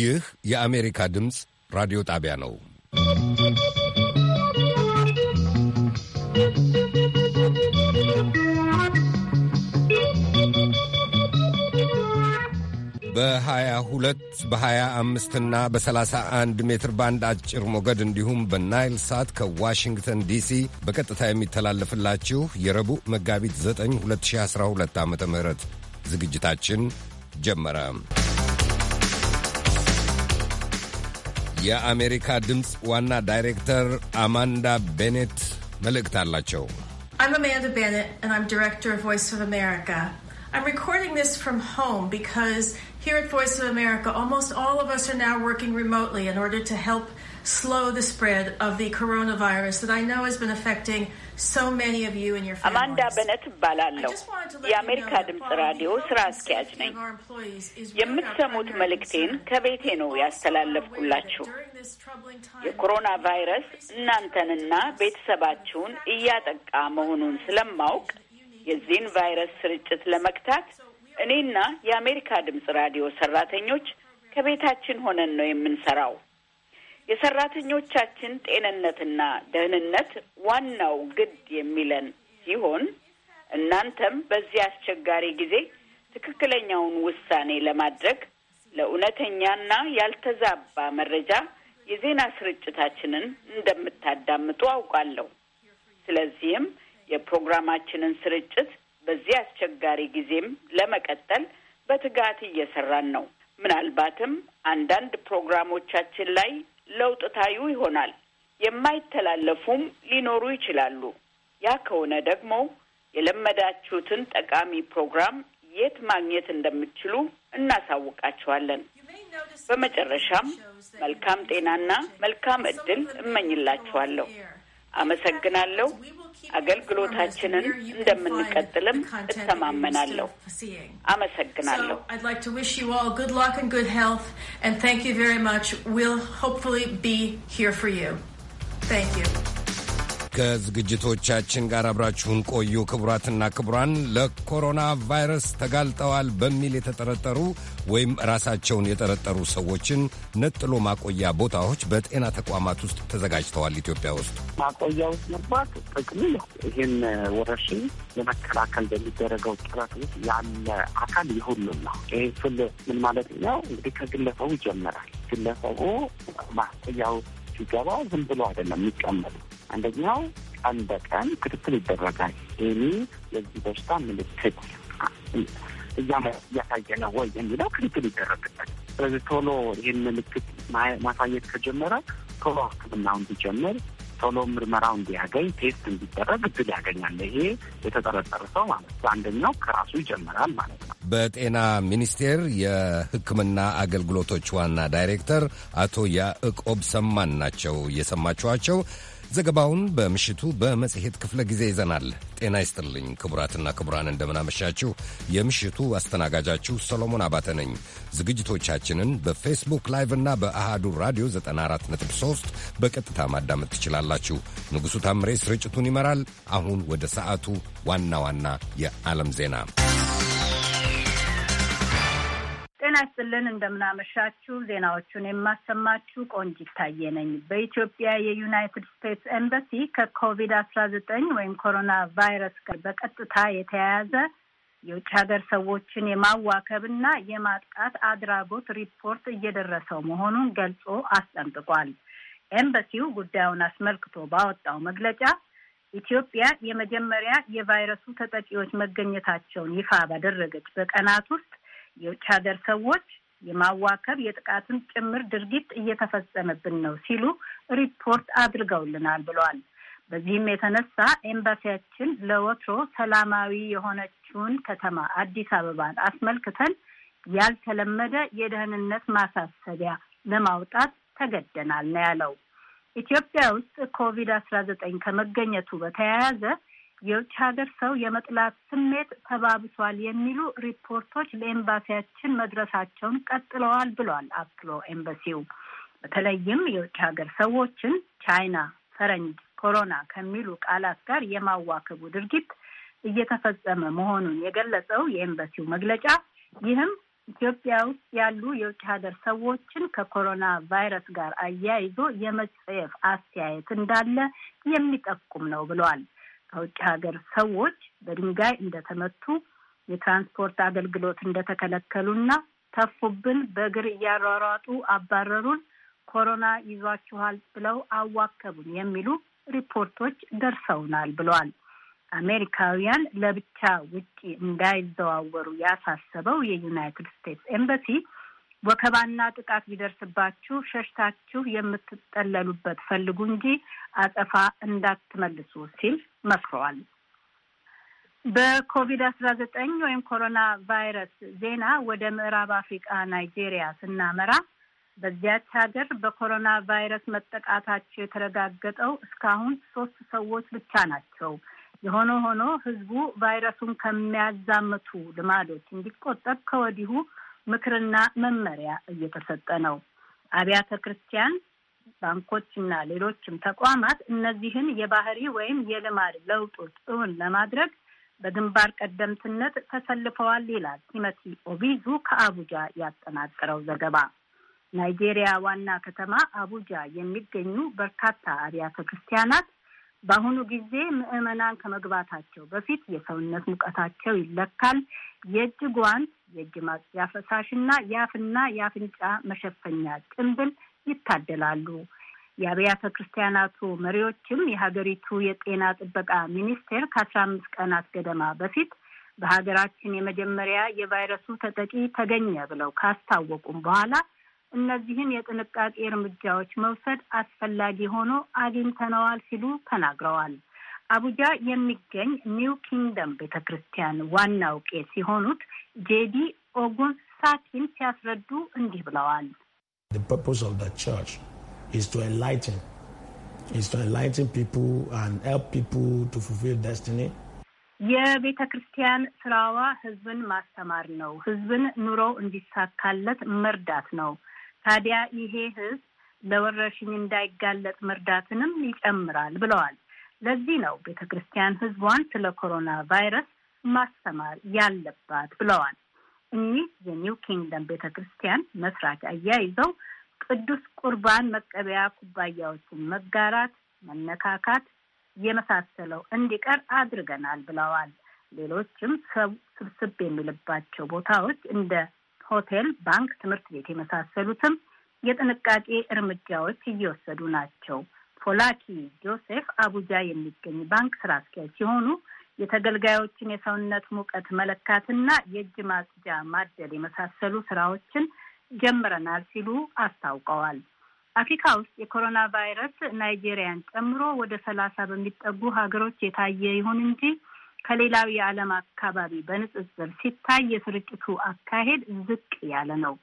ይህ የአሜሪካ ድምፅ ራዲዮ ጣቢያ ነው። በ22 በ25 እና በ31 ሜትር ባንድ አጭር ሞገድ እንዲሁም በናይል ሳት ከዋሽንግተን ዲሲ በቀጥታ የሚተላለፍላችሁ የረቡዕ መጋቢት 9 2012 ዓ ም ዝግጅታችን ጀመረ። የአሜሪካ ድምፅ ዋና ዳይሬክተር አማንዳ ቤኔት መልእክት አላቸው። I'm Amanda Bennett and I'm director of Voice of America. I'm recording this from home because here at Voice of America, almost all of us are now working remotely in order to help slow the spread of the coronavirus that I know has been affecting አማንዳ በነት እባላለሁ። የአሜሪካ ድምፅ ራዲዮ ስራ አስኪያጅ ነኝ። የምትሰሙት መልእክቴን ከቤቴ ነው ያስተላለፍኩላችሁ። የኮሮና ቫይረስ እናንተንና ቤተሰባችሁን እያጠቃ መሆኑን ስለማውቅ የዚህን ቫይረስ ስርጭት ለመግታት እኔና የአሜሪካ ድምፅ ራዲዮ ሰራተኞች ከቤታችን ሆነን ነው የምንሰራው። የሰራተኞቻችን ጤንነትና ደህንነት ዋናው ግድ የሚለን ሲሆን እናንተም በዚህ አስቸጋሪ ጊዜ ትክክለኛውን ውሳኔ ለማድረግ ለእውነተኛና ያልተዛባ መረጃ የዜና ስርጭታችንን እንደምታዳምጡ አውቃለሁ። ስለዚህም የፕሮግራማችንን ስርጭት በዚህ አስቸጋሪ ጊዜም ለመቀጠል በትጋት እየሰራን ነው። ምናልባትም አንዳንድ ፕሮግራሞቻችን ላይ ለውጥ ታዩ ይሆናል። የማይተላለፉም ሊኖሩ ይችላሉ። ያ ከሆነ ደግሞ የለመዳችሁትን ጠቃሚ ፕሮግራም የት ማግኘት እንደምትችሉ እናሳውቃችኋለን። በመጨረሻም መልካም ጤናና መልካም እድል እመኝላችኋለሁ። አመሰግናለሁ። አገልግሎታችንን እንደምንቀጥልም እተማመናለሁ። አመሰግናለሁ። Thank you. ከዝግጅቶቻችን ጋር አብራችሁን ቆዩ። ክቡራትና ክቡራን ለኮሮና ቫይረስ ተጋልጠዋል በሚል የተጠረጠሩ ወይም ራሳቸውን የጠረጠሩ ሰዎችን ነጥሎ ማቆያ ቦታዎች በጤና ተቋማት ውስጥ ተዘጋጅተዋል። ኢትዮጵያ ውስጥ ማቆያ ውስጥ መግባት ጥቅም ይህን ወረርሽኝ ለመከላከል በሚደረገው ጥረት ውስጥ ያለ አካል የሁሉም ነው። ይህ ስል ምን ማለት ነው? እንግዲህ ከግለሰቡ ይጀምራል። ግለሰቡ ማቆያ ውስጥ ሲገባ ዝም ብሎ አይደለም የሚቀመጡ አንደኛው ቀን በቀን ክትትል ይደረጋል። ይህ የዚህ በሽታ ምልክት እያሳየ ነው ወይ የሚለው ክትትል ይደረግበት። ስለዚህ ቶሎ ይህን ምልክት ማሳየት ከጀመረ ቶሎ ሕክምናው እንዲጀምር ቶሎ ምርመራው እንዲያገኝ ቴስት እንዲደረግ እድል ያገኛል። ይሄ የተጠረጠረ ሰው ማለት ነው። አንደኛው ከራሱ ይጀምራል ማለት ነው። በጤና ሚኒስቴር የሕክምና አገልግሎቶች ዋና ዳይሬክተር አቶ ያዕቆብ ሰማን ናቸው እየሰማችኋቸው። ዘገባውን በምሽቱ በመጽሔት ክፍለ ጊዜ ይዘናል። ጤና ይስጥልኝ ክቡራትና ክቡራን፣ እንደምናመሻችሁ። የምሽቱ አስተናጋጃችሁ ሰሎሞን አባተ ነኝ። ዝግጅቶቻችንን በፌስቡክ ላይቭ እና በአሃዱ ራዲዮ 94.3 በቀጥታ ማዳመጥ ትችላላችሁ። ንጉሡ ታምሬ ስርጭቱን ይመራል። አሁን ወደ ሰዓቱ ዋና ዋና የዓለም ዜና ጤና ይስጥልን እንደምናመሻችሁ። ዜናዎቹን የማሰማችሁ ቆንጅ ይታየ ነኝ። በኢትዮጵያ የዩናይትድ ስቴትስ ኤምባሲ ከኮቪድ አስራ ዘጠኝ ወይም ኮሮና ቫይረስ ጋር በቀጥታ የተያያዘ የውጭ ሀገር ሰዎችን የማዋከብና የማጥቃት አድራጎት ሪፖርት እየደረሰው መሆኑን ገልጾ አስጠንቅቋል። ኤምባሲው ጉዳዩን አስመልክቶ ባወጣው መግለጫ ኢትዮጵያ የመጀመሪያ የቫይረሱ ተጠቂዎች መገኘታቸውን ይፋ ባደረገች በቀናት ውስጥ የውጭ ሀገር ሰዎች የማዋከብ የጥቃትን ጭምር ድርጊት እየተፈጸመብን ነው ሲሉ ሪፖርት አድርገውልናል ብለዋል። በዚህም የተነሳ ኤምባሲያችን ለወትሮ ሰላማዊ የሆነችውን ከተማ አዲስ አበባን አስመልክተን ያልተለመደ የደህንነት ማሳሰቢያ ለማውጣት ተገደናል ነው ያለው። ኢትዮጵያ ውስጥ ኮቪድ አስራ ዘጠኝ ከመገኘቱ በተያያዘ የውጭ ሀገር ሰው የመጥላት ስሜት ተባብሷል የሚሉ ሪፖርቶች ለኤምባሲያችን መድረሳቸውን ቀጥለዋል ብሏል። አክሎ ኤምባሲው በተለይም የውጭ ሀገር ሰዎችን ቻይና፣ ፈረንጅ፣ ኮሮና ከሚሉ ቃላት ጋር የማዋከቡ ድርጊት እየተፈጸመ መሆኑን የገለጸው የኤምባሲው መግለጫ ይህም ኢትዮጵያ ውስጥ ያሉ የውጭ ሀገር ሰዎችን ከኮሮና ቫይረስ ጋር አያይዞ የመጸየፍ አስተያየት እንዳለ የሚጠቁም ነው ብሏል። ከውጭ ሀገር ሰዎች በድንጋይ እንደተመቱ የትራንስፖርት አገልግሎት እንደተከለከሉና ተፉብን፣ በእግር እያሯሯጡ አባረሩን፣ ኮሮና ይዟችኋል ብለው አዋከቡን የሚሉ ሪፖርቶች ደርሰውናል ብለዋል። አሜሪካውያን ለብቻ ውጪ እንዳይዘዋወሩ ያሳሰበው የዩናይትድ ስቴትስ ኤምባሲ ወከባና ጥቃት ቢደርስባችሁ ሸሽታችሁ የምትጠለሉበት ፈልጉ እንጂ አጸፋ እንዳትመልሱ ሲል መክረዋል። በኮቪድ አስራ ዘጠኝ ወይም ኮሮና ቫይረስ ዜና ወደ ምዕራብ አፍሪቃ ናይጄሪያ ስናመራ በዚያች ሀገር በኮሮና ቫይረስ መጠቃታቸው የተረጋገጠው እስካሁን ሶስት ሰዎች ብቻ ናቸው። የሆነ ሆኖ ህዝቡ ቫይረሱን ከሚያዛምቱ ልማዶች እንዲቆጠብ ከወዲሁ ምክርና መመሪያ እየተሰጠ ነው። አብያተ ክርስቲያን፣ ባንኮችና ሌሎችም ተቋማት እነዚህን የባህሪ ወይም የልማድ ለውጦች እውን ለማድረግ በግንባር ቀደምትነት ተሰልፈዋል ይላል ቲሞቲ ኦቢዙ ከአቡጃ ያጠናቀረው ዘገባ። ናይጄሪያ ዋና ከተማ አቡጃ የሚገኙ በርካታ አብያተ ክርስቲያናት በአሁኑ ጊዜ ምዕመናን ከመግባታቸው በፊት የሰውነት ሙቀታቸው ይለካል። የእጅ ጓንት፣ የእጅ ማጽጃ ፈሳሽና የአፍና የአፍንጫ መሸፈኛ ጭንብል ይታደላሉ። የአብያተ ክርስቲያናቱ መሪዎችም የሀገሪቱ የጤና ጥበቃ ሚኒስቴር ከአስራ አምስት ቀናት ገደማ በፊት በሀገራችን የመጀመሪያ የቫይረሱ ተጠቂ ተገኘ ብለው ካስታወቁም በኋላ እነዚህን የጥንቃቄ እርምጃዎች መውሰድ አስፈላጊ ሆኖ አግኝተነዋል ሲሉ ተናግረዋል። አቡጃ የሚገኝ ኒው ኪንግደም ቤተ ክርስቲያን ዋናው ቄስ የሆኑት ጄዲ ኦጉን ሳኪን ሲያስረዱ እንዲህ ብለዋል። የቤተ ክርስቲያን ስራዋ ህዝብን ማስተማር ነው። ህዝብን ኑሮው እንዲሳካለት መርዳት ነው። ታዲያ ይሄ ህዝብ ለወረርሽኝ እንዳይጋለጥ መርዳትንም ይጨምራል ብለዋል። ለዚህ ነው ቤተ ክርስቲያን ህዝቧን ስለ ኮሮና ቫይረስ ማስተማር ያለባት ብለዋል። እኚህ የኒው ኪንግደም ቤተ ክርስቲያን መስራች አያይዘው ቅዱስ ቁርባን መቀበያ ኩባያዎችን መጋራት፣ መነካካት የመሳሰለው እንዲቀር አድርገናል ብለዋል። ሌሎችም ሰው ስብስብ የሚልባቸው ቦታዎች እንደ ሆቴል፣ ባንክ፣ ትምህርት ቤት የመሳሰሉትም የጥንቃቄ እርምጃዎች እየወሰዱ ናቸው። ፖላኪ ጆሴፍ አቡጃ የሚገኝ ባንክ ስራ አስኪያጅ ሲሆኑ የተገልጋዮችን የሰውነት ሙቀት መለካትና የእጅ ማጽጃ ማደል የመሳሰሉ ስራዎችን ጀምረናል ሲሉ አስታውቀዋል። አፍሪካ ውስጥ የኮሮና ቫይረስ ናይጄሪያን ጨምሮ ወደ ሰላሳ በሚጠጉ ሀገሮች የታየ ይሁን እንጂ ከሌላው የዓለም አካባቢ በንጽጽር ሲታይ የስርጭቱ አካሄድ ዝቅ ያለ ነው።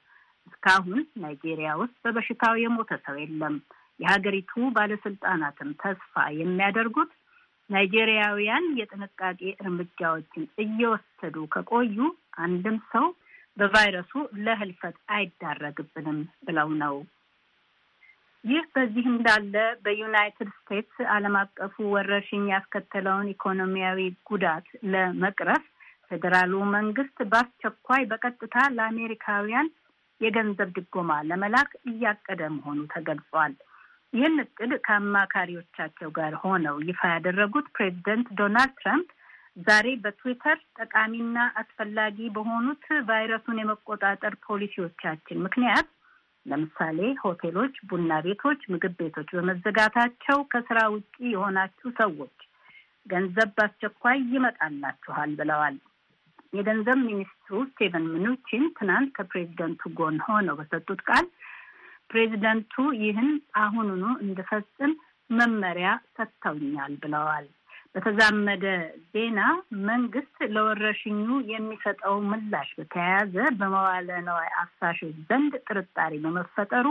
እስካሁን ናይጄሪያ ውስጥ በበሽታው የሞተ ሰው የለም። የሀገሪቱ ባለስልጣናትም ተስፋ የሚያደርጉት ናይጄሪያውያን የጥንቃቄ እርምጃዎችን እየወሰዱ ከቆዩ አንድም ሰው በቫይረሱ ለህልፈት አይዳረግብንም ብለው ነው። ይህ በዚህ እንዳለ በዩናይትድ ስቴትስ ዓለም አቀፉ ወረርሽኝ ያስከተለውን ኢኮኖሚያዊ ጉዳት ለመቅረፍ ፌዴራሉ መንግስት በአስቸኳይ በቀጥታ ለአሜሪካውያን የገንዘብ ድጎማ ለመላክ እያቀደ መሆኑ ተገልጿል። ይህን እቅድ ከአማካሪዎቻቸው ጋር ሆነው ይፋ ያደረጉት ፕሬዚደንት ዶናልድ ትራምፕ ዛሬ በትዊተር ጠቃሚና አስፈላጊ በሆኑት ቫይረሱን የመቆጣጠር ፖሊሲዎቻችን ምክንያት ለምሳሌ ሆቴሎች፣ ቡና ቤቶች፣ ምግብ ቤቶች በመዘጋታቸው ከስራ ውጪ የሆናችሁ ሰዎች ገንዘብ በአስቸኳይ ይመጣላችኋል ብለዋል። የገንዘብ ሚኒስትሩ ስቴቨን ምኑቺን ትናንት ከፕሬዚደንቱ ጎን ሆነው በሰጡት ቃል ፕሬዚደንቱ ይህን አሁኑኑ እንድፈጽም መመሪያ ሰጥተውኛል ብለዋል። በተዛመደ ዜና መንግስት ለወረርሽኙ የሚሰጠው ምላሽ በተያያዘ በመዋለ ነዋይ አፍሳሾች ዘንድ ጥርጣሬ በመፈጠሩ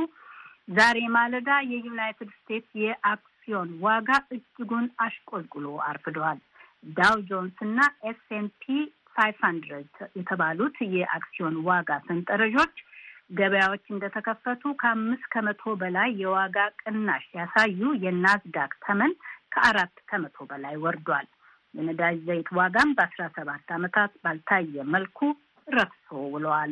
ዛሬ ማለዳ የዩናይትድ ስቴትስ የአክሲዮን ዋጋ እጅጉን አሽቆልቁሎ አርፍደዋል። ዳው ጆንስ እና ኤስ ኤን ፋይቭ ሀንድረድ የተባሉት የአክሲዮን ዋጋ ሰንጠረዦች ገበያዎች እንደተከፈቱ ከአምስት ከመቶ በላይ የዋጋ ቅናሽ ያሳዩ የናዝዳክ ተመን ከአራት ከመቶ በላይ ወርዷል። የነዳጅ ዘይት ዋጋም በአስራ ሰባት ዓመታት ባልታየ መልኩ ረክሶ ውለዋል።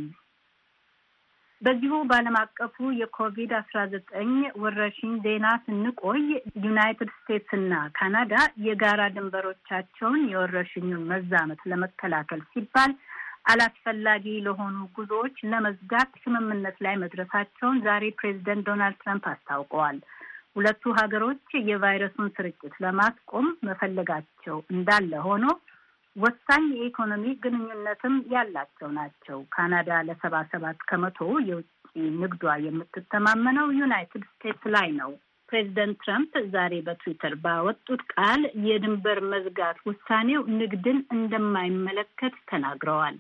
በዚሁ በዓለም አቀፉ የኮቪድ አስራ ዘጠኝ ወረርሽኝ ዜና ስንቆይ ዩናይትድ ስቴትስ እና ካናዳ የጋራ ድንበሮቻቸውን የወረርሽኙን መዛመት ለመከላከል ሲባል አላስፈላጊ ለሆኑ ጉዞዎች ለመዝጋት ስምምነት ላይ መድረሳቸውን ዛሬ ፕሬዚደንት ዶናልድ ትራምፕ አስታውቀዋል። ሁለቱ ሀገሮች የቫይረሱን ስርጭት ለማስቆም መፈለጋቸው እንዳለ ሆኖ ወሳኝ የኢኮኖሚ ግንኙነትም ያላቸው ናቸው። ካናዳ ለሰባ ሰባት ከመቶ የውጭ ንግዷ የምትተማመነው ዩናይትድ ስቴትስ ላይ ነው። ፕሬዚደንት ትራምፕ ዛሬ በትዊተር ባወጡት ቃል የድንበር መዝጋት ውሳኔው ንግድን እንደማይመለከት ተናግረዋል።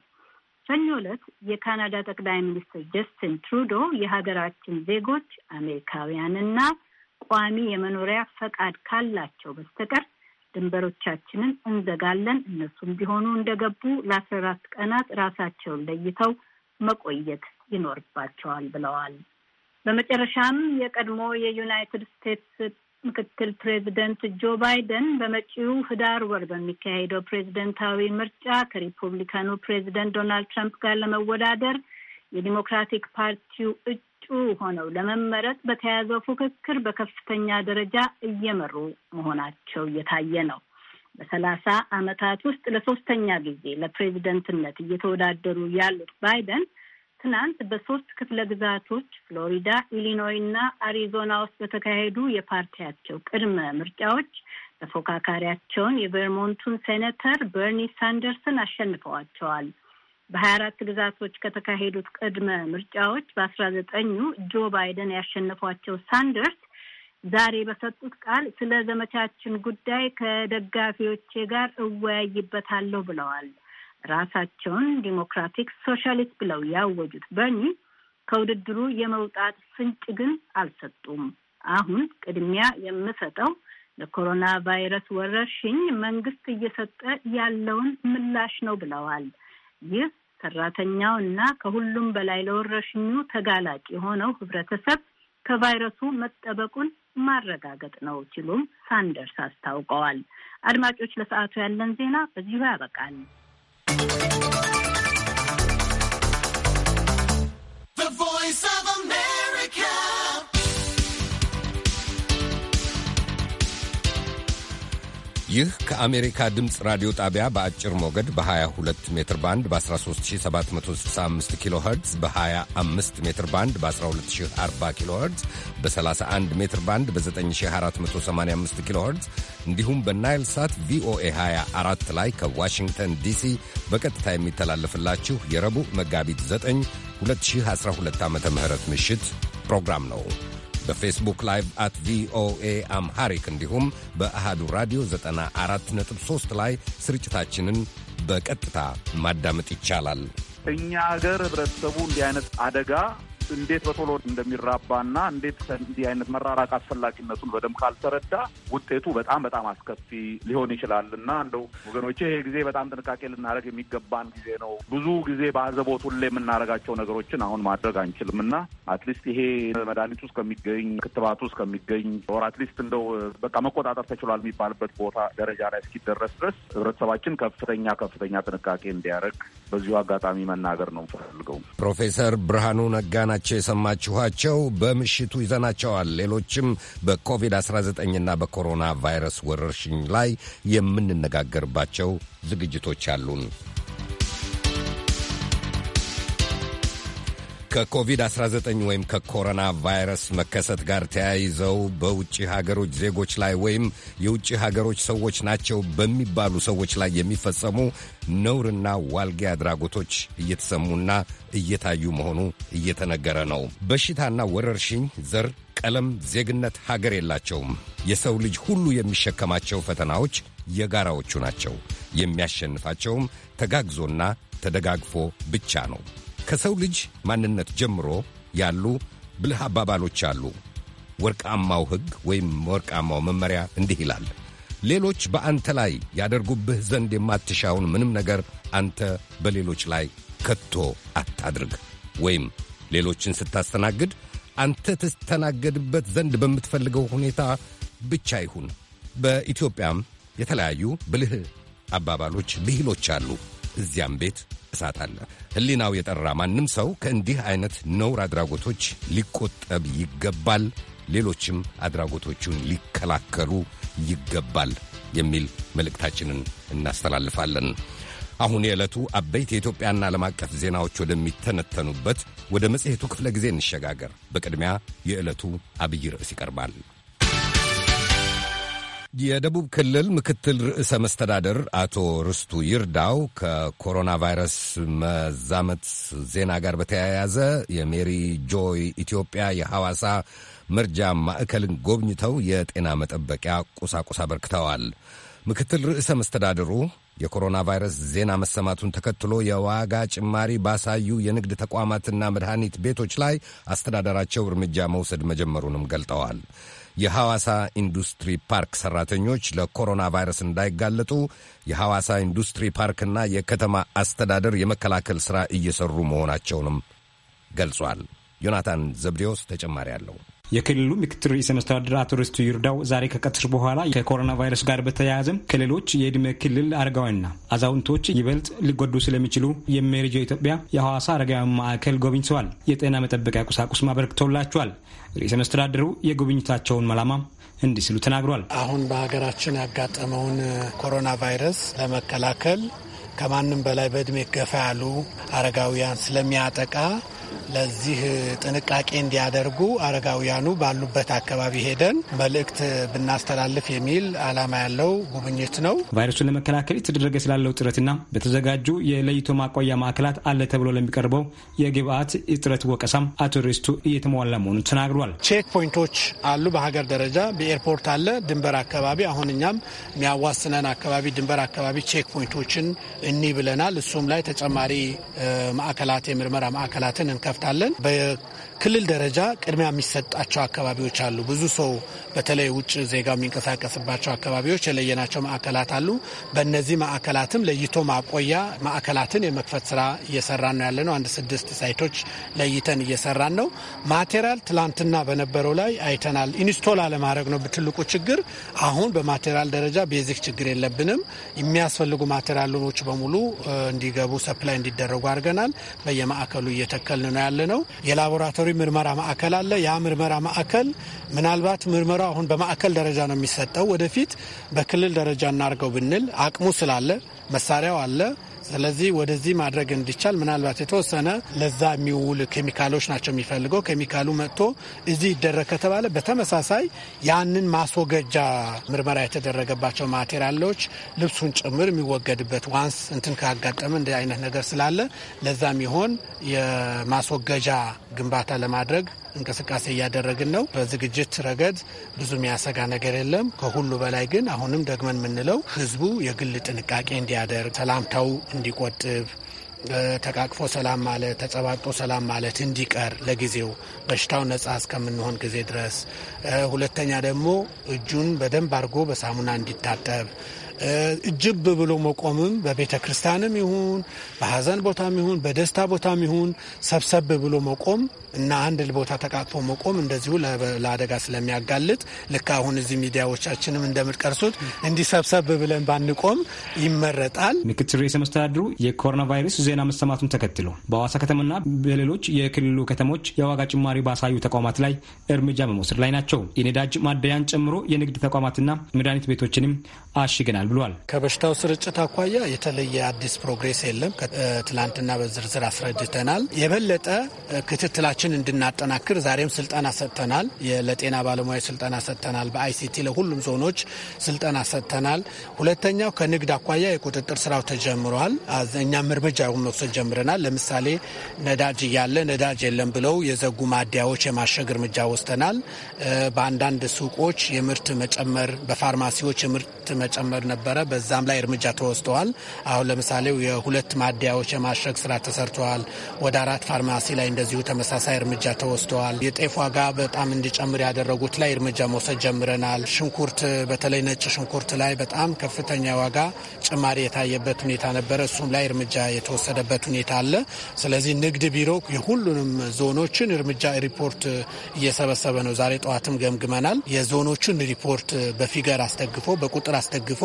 ሰኞ ዕለት የካናዳ ጠቅላይ ሚኒስትር ጀስቲን ትሩዶ የሀገራችን ዜጎች አሜሪካውያንና ቋሚ የመኖሪያ ፈቃድ ካላቸው በስተቀር ድንበሮቻችንን እንዘጋለን። እነሱም ቢሆኑ እንደገቡ ለአስራ አራት ቀናት ራሳቸውን ለይተው መቆየት ይኖርባቸዋል ብለዋል። በመጨረሻም የቀድሞ የዩናይትድ ስቴትስ ምክትል ፕሬዚደንት ጆ ባይደን በመጪው ህዳር ወር በሚካሄደው ፕሬዚደንታዊ ምርጫ ከሪፑብሊካኑ ፕሬዚደንት ዶናልድ ትራምፕ ጋር ለመወዳደር የዲሞክራቲክ ፓርቲው እጩ እጩ ሆነው ለመመረጥ በተያያዘው ፉክክር በከፍተኛ ደረጃ እየመሩ መሆናቸው እየታየ ነው። በሰላሳ ዓመታት ውስጥ ለሶስተኛ ጊዜ ለፕሬዚደንትነት እየተወዳደሩ ያሉት ባይደን ትናንት በሶስት ክፍለ ግዛቶች ፍሎሪዳ፣ ኢሊኖይ እና አሪዞና ውስጥ በተካሄዱ የፓርቲያቸው ቅድመ ምርጫዎች ተፎካካሪያቸውን የቨርሞንቱን ሴኔተር በርኒ ሳንደርስን አሸንፈዋቸዋል። በሀያ አራት ግዛቶች ከተካሄዱት ቅድመ ምርጫዎች በአስራ ዘጠኙ ጆ ባይደን ያሸነፏቸው ሳንደርስ ዛሬ በሰጡት ቃል ስለ ዘመቻችን ጉዳይ ከደጋፊዎቼ ጋር እወያይበታለሁ ብለዋል። ራሳቸውን ዲሞክራቲክ ሶሻሊስት ብለው ያወጁት በርኒ ከውድድሩ የመውጣት ፍንጭ ግን አልሰጡም። አሁን ቅድሚያ የምሰጠው ለኮሮና ቫይረስ ወረርሽኝ መንግስት እየሰጠ ያለውን ምላሽ ነው ብለዋል። ይህ ሰራተኛው እና ከሁሉም በላይ ለወረርሽኙ ተጋላጭ የሆነው ህብረተሰብ ከቫይረሱ መጠበቁን ማረጋገጥ ነው ሲሉም ሳንደርስ አስታውቀዋል። አድማጮች፣ ለሰዓቱ ያለን ዜና በዚሁ ያበቃል። ይህ ከአሜሪካ ድምፅ ራዲዮ ጣቢያ በአጭር ሞገድ በ22 ሜትር ባንድ በ13765 ኪሎ ኸርትዝ በ25 ሜትር ባንድ በ1240 ኪሎ ኸርትዝ በ31 ሜትር ባንድ በ9485 ኪሎ ኸርትዝ እንዲሁም በናይል ሳት ቪኦኤ 24 ላይ ከዋሽንግተን ዲሲ በቀጥታ የሚተላለፍላችሁ የረቡዕ መጋቢት 9 2012 ዓ ም ምሽት ፕሮግራም ነው። በፌስቡክ ላይቭ አት ቪኦኤ አምሃሪክ እንዲሁም በአሃዱ ራዲዮ 94.3 ላይ ስርጭታችንን በቀጥታ ማዳመጥ ይቻላል። እኛ ሀገር ህብረተሰቡ እንዲህ አይነት አደጋ እንዴት በቶሎ እንደሚራባና እንዴት እንዲህ አይነት መራራቅ አስፈላጊነቱን በደንብ ካልተረዳ ውጤቱ በጣም በጣም አስከፊ ሊሆን ይችላል እና እንደው ወገኖች ይሄ ጊዜ በጣም ጥንቃቄ ልናደርግ የሚገባን ጊዜ ነው። ብዙ ጊዜ በአዘቦት ሁሌ የምናደርጋቸው ነገሮችን አሁን ማድረግ አንችልም እና አትሊስት ይሄ መድኃኒቱ እስከሚገኝ ክትባቱ እስከሚገኝ ወር አትሊስት እንደው በቃ መቆጣጠር ተችሏል የሚባልበት ቦታ ደረጃ ላይ እስኪደረስ ድረስ ህብረተሰባችን ከፍተኛ ከፍተኛ ጥንቃቄ እንዲያደርግ በዚሁ አጋጣሚ መናገር ነው ፈልገው ፕሮፌሰር ብርሃኑ ነጋ ናቸው የሰማችኋቸው። በምሽቱ ይዘናቸዋል። ሌሎችም በኮቪድ-19ና በኮሮና ቫይረስ ወረርሽኝ ላይ የምንነጋገርባቸው ዝግጅቶች አሉን። ከኮቪድ-19 ወይም ከኮሮና ቫይረስ መከሰት ጋር ተያይዘው በውጭ ሀገሮች ዜጎች ላይ ወይም የውጭ ሀገሮች ሰዎች ናቸው በሚባሉ ሰዎች ላይ የሚፈጸሙ ነውርና ዋልጌ አድራጎቶች እየተሰሙና እየታዩ መሆኑ እየተነገረ ነው። በሽታና ወረርሽኝ ዘር፣ ቀለም፣ ዜግነት፣ ሀገር የላቸውም። የሰው ልጅ ሁሉ የሚሸከማቸው ፈተናዎች የጋራዎቹ ናቸው። የሚያሸንፋቸውም ተጋግዞና ተደጋግፎ ብቻ ነው። ከሰው ልጅ ማንነት ጀምሮ ያሉ ብልህ አባባሎች አሉ። ወርቃማው ሕግ ወይም ወርቃማው መመሪያ እንዲህ ይላል፣ ሌሎች በአንተ ላይ ያደርጉብህ ዘንድ የማትሻውን ምንም ነገር አንተ በሌሎች ላይ ከቶ አታድርግ። ወይም ሌሎችን ስታስተናግድ አንተ ትስተናገድበት ዘንድ በምትፈልገው ሁኔታ ብቻ ይሁን። በኢትዮጵያም የተለያዩ ብልህ አባባሎች ብሂሎች አሉ። እዚያም ቤት እሳት አለ። ሕሊናው የጠራ ማንም ሰው ከእንዲህ አይነት ነውር አድራጎቶች ሊቆጠብ ይገባል፣ ሌሎችም አድራጎቶቹን ሊከላከሉ ይገባል የሚል መልእክታችንን እናስተላልፋለን። አሁን የዕለቱ አበይት የኢትዮጵያና ዓለም አቀፍ ዜናዎች ወደሚተነተኑበት ወደ መጽሔቱ ክፍለ ጊዜ እንሸጋገር። በቅድሚያ የዕለቱ አብይ ርዕስ ይቀርባል። የደቡብ ክልል ምክትል ርዕሰ መስተዳደር አቶ ርስቱ ይርዳው ከኮሮና ቫይረስ መዛመት ዜና ጋር በተያያዘ የሜሪ ጆይ ኢትዮጵያ የሐዋሳ መርጃ ማዕከልን ጎብኝተው የጤና መጠበቂያ ቁሳቁስ አበርክተዋል። ምክትል ርዕሰ መስተዳድሩ የኮሮና ቫይረስ ዜና መሰማቱን ተከትሎ የዋጋ ጭማሪ ባሳዩ የንግድ ተቋማትና መድኃኒት ቤቶች ላይ አስተዳደራቸው እርምጃ መውሰድ መጀመሩንም ገልጠዋል። የሐዋሳ ኢንዱስትሪ ፓርክ ሰራተኞች ለኮሮና ቫይረስ እንዳይጋለጡ የሐዋሳ ኢንዱስትሪ ፓርክና የከተማ አስተዳደር የመከላከል ሥራ እየሠሩ መሆናቸውንም ገልጿል። ዮናታን ዘብዴዎስ ተጨማሪ አለው። የክልሉ ምክትል ርዕሰ መስተዳድር አቶ ርስቱ ይርዳው ዛሬ ከቀትር በኋላ ከኮሮና ቫይረስ ጋር በተያያዘ ከሌሎች የእድሜ ክልል አረጋውያንና አዛውንቶች ይበልጥ ሊጎዱ ስለሚችሉ የሜሪጆ ኢትዮጵያ የሐዋሳ አረጋውያን ማዕከል ጎብኝተዋል። የጤና መጠበቂያ ቁሳቁስ ማበረክተውላቸዋል። ርዕሰ መስተዳድሩ የጎብኝታቸውን መላማ እንዲህ ሲሉ ተናግሯል። አሁን በሀገራችን ያጋጠመውን ኮሮና ቫይረስ ለመከላከል ከማንም በላይ በእድሜ ገፋ ያሉ አረጋውያን ስለሚያጠቃ ለዚህ ጥንቃቄ እንዲያደርጉ አረጋውያኑ ባሉበት አካባቢ ሄደን መልእክት ብናስተላልፍ የሚል ዓላማ ያለው ጉብኝት ነው። ቫይረሱን ለመከላከል የተደረገ ስላለው ጥረትና በተዘጋጁ የለይቶ ማቆያ ማዕከላት አለ ተብሎ ለሚቀርበው የግብአት እጥረት ወቀሳም አቶ ሬስቱ እየተሟላ መሆኑን ተናግሯል። ቼክ ፖይንቶች አሉ በሀገር ደረጃ በኤርፖርት አለ፣ ድንበር አካባቢ አሁን እኛም የሚያዋስነን አካባቢ ድንበር አካባቢ ቼክ ፖይንቶችን እኒ ብለናል። እሱም ላይ ተጨማሪ ማዕከላት የምርመራ ማዕከላትን እንከፍታለን። በክልል ደረጃ ቅድሚያ የሚሰጣቸው አካባቢዎች አሉ። ብዙ ሰው በተለይ ውጭ ዜጋው የሚንቀሳቀስባቸው አካባቢዎች የለየናቸው ማዕከላት አሉ። በእነዚህ ማዕከላትም ለይቶ ማቆያ ማዕከላትን የመክፈት ስራ እየሰራን ነው ያለ ነው። አንድ ስድስት ሳይቶች ለይተን እየሰራን ነው። ማቴሪያል ትላንትና በነበረው ላይ አይተናል። ኢንስቶል አለማድረግ ነው ትልቁ ችግር። አሁን በማቴሪያል ደረጃ ቤዚክ ችግር የለብንም። የሚያስፈልጉ ማቴሪያሎች በሙሉ እንዲገቡ ሰፕላይ እንዲደረጉ አድርገናል። በየማዕከሉ እየተከል ነው ነው። የላቦራቶሪ ምርመራ ማዕከል አለ። ያ ምርመራ ማዕከል ምናልባት ምርመራው አሁን በማዕከል ደረጃ ነው የሚሰጠው። ወደፊት በክልል ደረጃ እናርገው ብንል አቅሙ ስላለ መሳሪያው አለ ስለዚህ ወደዚህ ማድረግ እንዲቻል ምናልባት የተወሰነ ለዛ የሚውል ኬሚካሎች ናቸው የሚፈልገው። ኬሚካሉ መጥቶ እዚህ ይደረግ ከተባለ በተመሳሳይ ያንን ማስወገጃ ምርመራ የተደረገባቸው ማቴሪያሎች ልብሱን ጭምር የሚወገድበት ዋንስ እንትን ካጋጠመ እንደ አይነት ነገር ስላለ ለዛም ይሆን የማስወገጃ ግንባታ ለማድረግ እንቅስቃሴ እያደረግን ነው። በዝግጅት ረገድ ብዙ የሚያሰጋ ነገር የለም። ከሁሉ በላይ ግን አሁንም ደግመን የምንለው ህዝቡ የግል ጥንቃቄ እንዲያደርግ፣ ሰላምታው እንዲቆጥብ ተቃቅፎ ሰላም ማለት ተጸባጦ ሰላም ማለት እንዲቀር ለጊዜው በሽታው ነጻ እስከምንሆን ጊዜ ድረስ። ሁለተኛ ደግሞ እጁን በደንብ አድርጎ በሳሙና እንዲታጠብ እጅብ ብሎ መቆምም በቤተ ክርስቲያንም ይሁን በሀዘን ቦታም ይሁን በደስታ ቦታም ይሁን ሰብሰብ ብሎ መቆም እና አንድ ቦታ ተቃቅፎ መቆም እንደዚሁ ለአደጋ ስለሚያጋልጥ ልክ አሁን እዚህ ሚዲያዎቻችንም እንደምትቀርሱት እንዲሰብሰብ ብለን ባንቆም ይመረጣል። ምክትል ርዕሰ መስተዳድሩ የኮሮና ቫይረስ ዜና መሰማቱን ተከትሎ በሐዋሳ ከተማና በሌሎች የክልሉ ከተሞች የዋጋ ጭማሪ ባሳዩ ተቋማት ላይ እርምጃ በመውሰድ ላይ ናቸው። የነዳጅ ማደያን ጨምሮ የንግድ ተቋማትና መድኃኒት ቤቶችንም አሽገናል ይሆናል ብሏል። ከበሽታው ስርጭት አኳያ የተለየ አዲስ ፕሮግሬስ የለም። ትላንትና በዝርዝር አስረድተናል። የበለጠ ክትትላችን እንድናጠናክር ዛሬም ስልጠና ሰጥተናል። ለጤና ባለሙያ ስልጠና ሰጥተናል። በአይሲቲ ለሁሉም ዞኖች ስልጠና ሰጥተናል። ሁለተኛው ከንግድ አኳያ የቁጥጥር ስራው ተጀምሯል። እኛም እርምጃ መውሰድ ጀምረናል። ለምሳሌ ነዳጅ እያለ ነዳጅ የለም ብለው የዘጉ ማደያዎች የማሸግ እርምጃ ወስደናል። በአንዳንድ ሱቆች የምርት መጨመር፣ በፋርማሲዎች የምርት መጨመር ነበረ። በዛም ላይ እርምጃ ተወስደዋል። አሁን ለምሳሌ የሁለት ማደያዎች የማሸግ ስራ ተሰርተዋል። ወደ አራት ፋርማሲ ላይ እንደዚሁ ተመሳሳይ እርምጃ ተወስደዋል። የጤፍ ዋጋ በጣም እንዲጨምር ያደረጉት ላይ እርምጃ መውሰድ ጀምረናል። ሽንኩርት በተለይ ነጭ ሽንኩርት ላይ በጣም ከፍተኛ ዋጋ ጭማሪ የታየበት ሁኔታ ነበረ። እሱም ላይ እርምጃ የተወሰደበት ሁኔታ አለ። ስለዚህ ንግድ ቢሮ የሁሉንም ዞኖችን እርምጃ ሪፖርት እየሰበሰበ ነው። ዛሬ ጠዋትም ገምግመናል። የዞኖቹን ሪፖርት በፊገር አስደግፎ በቁጥር አስደግፎ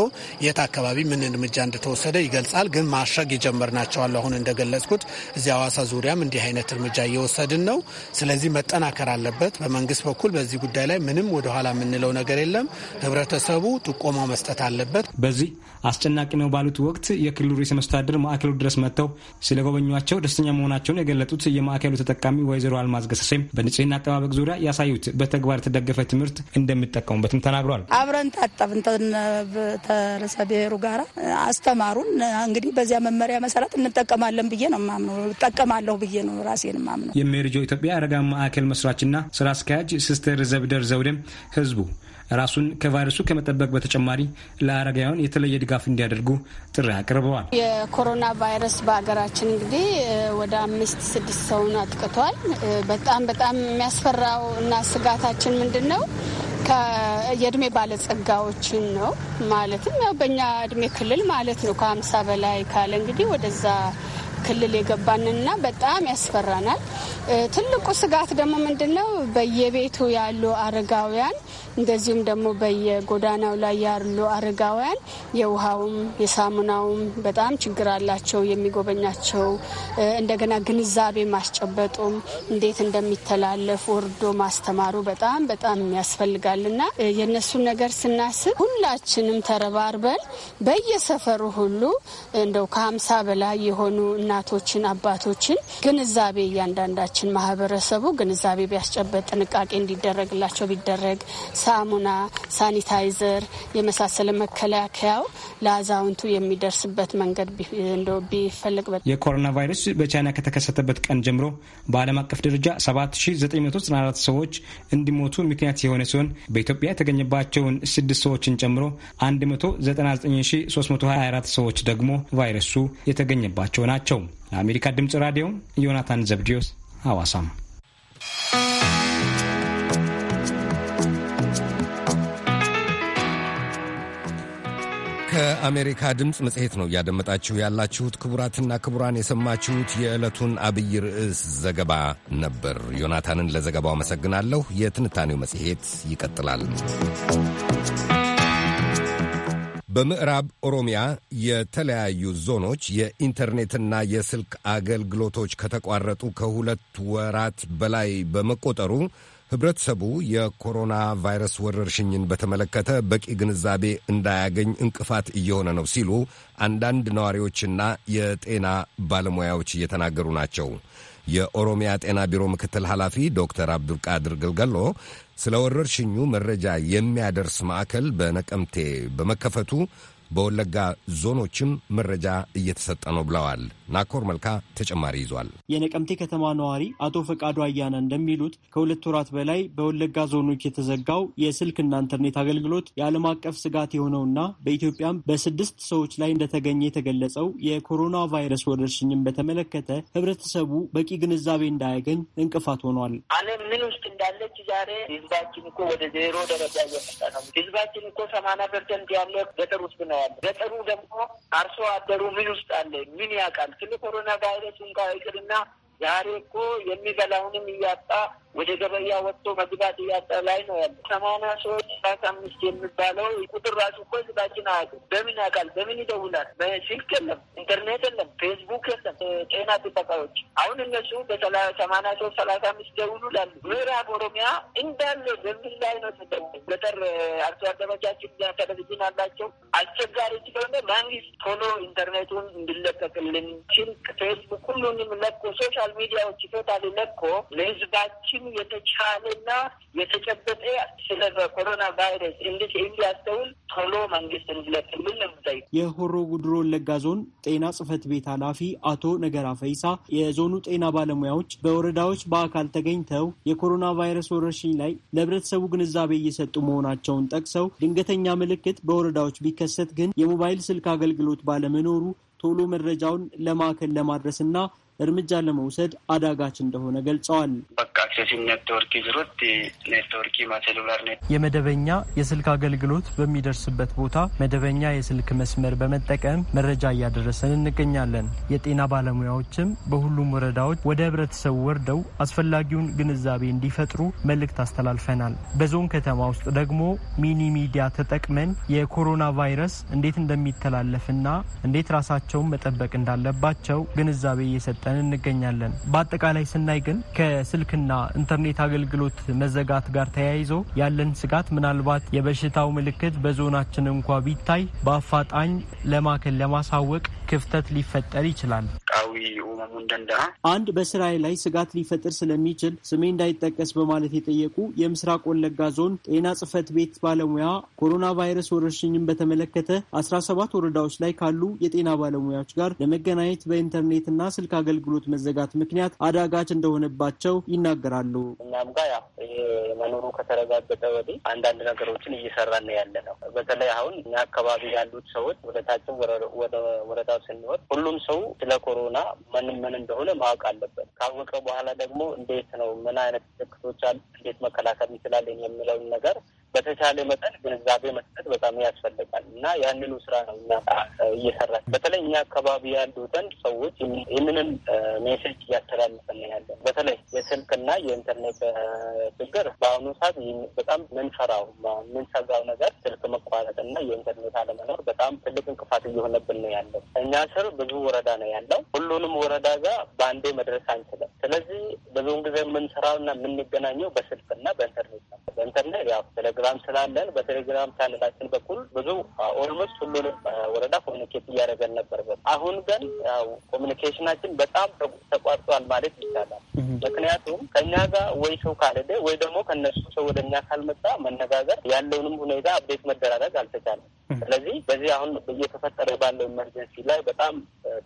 የት አካባቢ ምን እርምጃ እንደተወሰደ ይገልጻል። ግን ማሻግ የጀመርናቸዋል። አሁን እንደገለጽኩት እዚህ አዋሳ ዙሪያም እንዲህ አይነት እርምጃ እየወሰድን ነው። ስለዚህ መጠናከር አለበት። በመንግስት በኩል በዚህ ጉዳይ ላይ ምንም ወደኋላ የምንለው ነገር የለም። ህብረተሰቡ ጥቆማ መስጠት አለበት። በዚህ አስጨናቂ ነው ባሉት ወቅት የክልሉ ርዕሰ መስተዳድር ማዕከሉ ድረስ መጥተው ስለጎበኟቸው ደስተኛ መሆናቸውን የገለጡት የማዕከሉ ተጠቃሚ ወይዘሮ አልማዝ ገሰሴም በንጽህና አጠባበቅ ዙሪያ ያሳዩት በተግባር የተደገፈ ትምህርት እንደሚጠቀሙበትም ተናግሯል። አብረን ታጠብን፣ ከርዕሰ ብሔሩ ጋር አስተማሩን። እንግዲህ በዚያ መመሪያ መሰረት እንጠቀማለን ብዬ ነው የማምነው፣ እጠቀማለሁ ብዬ ነው ራሴን የማምነው። የሜርጆ ኢትዮጵያ አረጋ ማዕከል መስራችና ስራ አስኪያጅ ሲስተር ዘብደር ዘውደም ህዝቡ ራሱን ከቫይረሱ ከመጠበቅ በተጨማሪ ለአረጋውያን የተለየ ድጋፍ እንዲያደርጉ ጥሪ አቅርበዋል። የኮሮና ቫይረስ በሀገራችን እንግዲህ ወደ አምስት ስድስት ሰውን አጥቅቷል። በጣም በጣም የሚያስፈራው እና ስጋታችን ምንድን ነው? የእድሜ ባለጸጋዎችን ነው ማለትም ያው በእኛ እድሜ ክልል ማለት ነው ከሀምሳ በላይ ካለ እንግዲህ ወደዛ ክልል የገባንና በጣም ያስፈራናል። ትልቁ ስጋት ደግሞ ነው? በየቤቱ ያሉ አረጋውያን እንደዚሁም ደግሞ በየጎዳናው ላይ ያሉ አረጋውያን የውሃውም የሳሙናውም በጣም ችግር አላቸው። የሚጎበኛቸው እንደገና ግንዛቤ ማስጨበጡም እንዴት እንደሚተላለፍ ወርዶ ማስተማሩ በጣም በጣም ያስፈልጋል እና የእነሱን ነገር ስናስብ ሁላችንም ተረባርበን በየሰፈሩ ሁሉ እንደው ከሀምሳ በላይ የሆኑ እና እናቶችን፣ አባቶችን ግንዛቤ እያንዳንዳችን ማህበረሰቡ ግንዛቤ ቢያስጨበጥ ጥንቃቄ እንዲደረግላቸው ቢደረግ ሳሙና፣ ሳኒታይዘር የመሳሰለ መከላከያው ለአዛውንቱ የሚደርስበት መንገድ እንደው ቢፈለግ የኮሮና ቫይረስ በቻይና ከተከሰተበት ቀን ጀምሮ በዓለም አቀፍ ደረጃ 7994 ሰዎች እንዲሞቱ ምክንያት የሆነ ሲሆን በኢትዮጵያ የተገኘባቸውን ስድስት ሰዎችን ጨምሮ 199324 ሰዎች ደግሞ ቫይረሱ የተገኘባቸው ናቸው። ለአሜሪካ ድምፅ ራዲዮ ዮናታን ዘብዲዮስ ሐዋሳም ከአሜሪካ ድምፅ መጽሔት ነው እያደመጣችሁ ያላችሁት። ክቡራትና ክቡራን የሰማችሁት የዕለቱን አብይ ርዕስ ዘገባ ነበር። ዮናታንን ለዘገባው አመሰግናለሁ። የትንታኔው መጽሔት ይቀጥላል። በምዕራብ ኦሮሚያ የተለያዩ ዞኖች የኢንተርኔትና የስልክ አገልግሎቶች ከተቋረጡ ከሁለት ወራት በላይ በመቆጠሩ ህብረተሰቡ የኮሮና ቫይረስ ወረርሽኝን በተመለከተ በቂ ግንዛቤ እንዳያገኝ እንቅፋት እየሆነ ነው ሲሉ አንዳንድ ነዋሪዎችና የጤና ባለሙያዎች እየተናገሩ ናቸው። የኦሮሚያ ጤና ቢሮ ምክትል ኃላፊ ዶክተር አብዱልቃድር ግልገሎ ስለ ወረርሽኙ መረጃ የሚያደርስ ማዕከል በነቀምቴ በመከፈቱ በወለጋ ዞኖችም መረጃ እየተሰጠ ነው ብለዋል። ናኮር መልካ ተጨማሪ ይዟል። የነቀምቴ ከተማ ነዋሪ አቶ ፈቃዱ አያና እንደሚሉት ከሁለት ወራት በላይ በወለጋ ዞኖች የተዘጋው የስልክና ኢንተርኔት አገልግሎት የዓለም አቀፍ ስጋት የሆነውና በኢትዮጵያም በስድስት ሰዎች ላይ እንደተገኘ የተገለጸው የኮሮና ቫይረስ ወረርሽኝን በተመለከተ ህብረተሰቡ በቂ ግንዛቤ እንዳያገኝ እንቅፋት ሆኗል። ዓለም ምን ውስጥ እንዳለች ዛሬ ህዝባችን እኮ ወደ ዜሮ ደረጃ እየመጣ ነው። ህዝባችን እኮ ሰማንያ ፐርሰንት ያለ ገጠር ውስጥ ነው ያለ። ገጠሩ ደግሞ አርሶ አደሩ ምን ውስጥ አለ ምን ያውቃል ትል ኮሮና ቫይረስ እንኳ ይቅርና ዛሬ እኮ የሚበላውንም እያጣ ወደ ገበያ ወጥቶ መግባት እያጠ ላይ ነው ያለ ሰማንያ ሰዎች ሰላሳ አምስት የሚባለው ቁጥር ራሱ እኮ ህዝባችን አያውቅም። በምን ያውቃል? በምን ይደውላል? ስልክ የለም፣ ኢንተርኔት የለም፣ ፌስቡክ የለም። ጤና ጥበቃዎች አሁን እነሱ በሰማንያ ሶስት ሰላሳ አምስት ደውሉ ላሉ ምዕራብ ኦሮሚያ እንዳለ በምን ላይ ነው ተደው ገጠር አርሶ አደሮቻችን ቴሌቪዥን አላቸው። አስቸጋሪ ስለሆነ መንግስት ቶሎ ኢንተርኔቱን እንድለቀቅልን ስልክ፣ ፌስቡክ ሁሉንም ለቆ ሶሻል ሚዲያዎች ይፈታል ለቆ ለህዝባችን ሁሉም የተቻለና የተጨበጠ ስለ ኮሮና ቫይረስ እንዴት እንዲያስተውል ቶሎ መንግስት እንዲለቅልን ነው። የሆሮ ጉድሮ ወለጋ ዞን ጤና ጽህፈት ቤት ኃላፊ አቶ ነገራ ፈይሳ የዞኑ ጤና ባለሙያዎች በወረዳዎች በአካል ተገኝተው የኮሮና ቫይረስ ወረርሽኝ ላይ ለህብረተሰቡ ግንዛቤ እየሰጡ መሆናቸውን ጠቅሰው ድንገተኛ ምልክት በወረዳዎች ቢከሰት ግን የሞባይል ስልክ አገልግሎት ባለመኖሩ ቶሎ መረጃውን ለማዕከል ለማድረስና እርምጃ ለመውሰድ አዳጋች እንደሆነ ገልጸዋል። ስለዚህ ኔትወርክ ይዝሩት ኔትወርክ ማሴሉላር ነ የመደበኛ የስልክ አገልግሎት በሚደርስበት ቦታ መደበኛ የስልክ መስመር በመጠቀም መረጃ እያደረሰን እንገኛለን። የጤና ባለሙያዎችም በሁሉም ወረዳዎች ወደ ህብረተሰቡ ወርደው አስፈላጊውን ግንዛቤ እንዲፈጥሩ መልእክት አስተላልፈናል። በዞን ከተማ ውስጥ ደግሞ ሚኒ ሚዲያ ተጠቅመን የኮሮና ቫይረስ እንዴት እንደሚተላለፍና እንዴት ራሳቸውን መጠበቅ እንዳለባቸው ግንዛቤ እየሰጠን እንገኛለን። በአጠቃላይ ስናይ ግን ከስልክና ኢንተርኔት አገልግሎት መዘጋት ጋር ተያይዞ ያለን ስጋት ምናልባት የበሽታው ምልክት በዞናችን እንኳ ቢታይ በአፋጣኝ ለማከል ለማሳወቅ ክፍተት ሊፈጠር ይችላል። አንድ በስራዬ ላይ ስጋት ሊፈጥር ስለሚችል ስሜ እንዳይጠቀስ በማለት የጠየቁ የምስራቅ ወለጋ ዞን ጤና ጽፈት ቤት ባለሙያ ኮሮና ቫይረስ ወረርሽኝን በተመለከተ አስራ ሰባት ወረዳዎች ላይ ካሉ የጤና ባለሙያዎች ጋር ለመገናኘት በኢንተርኔትና ስልክ አገልግሎት መዘጋት ምክንያት አዳጋች እንደሆነባቸው ይናገራሉ። እኛም ጋር ያው መኖሩ ከተረጋገጠ ወዲህ አንዳንድ ነገሮችን እየሰራን ያለ ነው። በተለይ አሁን እኛ አካባቢ ያሉት ሰዎች ወደ ወደ ወረዳ ስንወጥ ሁሉም ሰው ስለ ኮሮና ምን ምን እንደሆነ ማወቅ አለበት። ካወቀ በኋላ ደግሞ እንዴት ነው ምን አይነት ምልክቶች አሉ፣ እንዴት መከላከል እንችላለን የሚለውን ነገር በተቻለ መጠን ግንዛቤ መስጠት በጣም ያስፈልጋል እና ያንኑ ስራ ነው እኛ እየሰራ በተለይ እኛ አካባቢ ያሉትን ሰዎች ይህንንም ሜሴጅ እያስተላልፈን ያለ በተለይ የስልክና የኢንተርኔት ችግር በአሁኑ ሰዓት በጣም ምንፈራው ምንሰጋው ነገር ስልክ መቋረጥ እና የኢንተርኔት አለመኖር በጣም ትልቅ እንቅፋት እየሆነብን ነው ያለው። እኛ ስር ብዙ ወረዳ ነው ያለው። ሁሉንም ወረዳ ጋር በአንዴ መድረስ አንችልም። ስለዚህ ብዙውን ጊዜ የምንሰራውና የምንገናኘው በስልክና በኢንተርኔት ነው። በኢንተርኔት ያው ቴሌግራም ስላለን በቴሌግራም ቻናላችን በኩል ብዙ ኦልሞስት ሁሉንም ወረዳ ኮሚኒኬት እያደረገን ነበርበት። አሁን ግን ያው ኮሚኒኬሽናችን በጣም ተቋርጧል ማለት ይቻላል። ምክንያቱም ከእኛ ጋር ወይ ሰው ካልሄደ ወይ ደግሞ ከነሱ ሰው ወደ እኛ ካልመጣ መነጋገር ያለውንም ሁኔታ አብዴት መደራረግ አልተቻለም። ስለዚህ በዚህ አሁን እየተፈጠረ ባለው ኢመርጀንሲ ላይ በጣም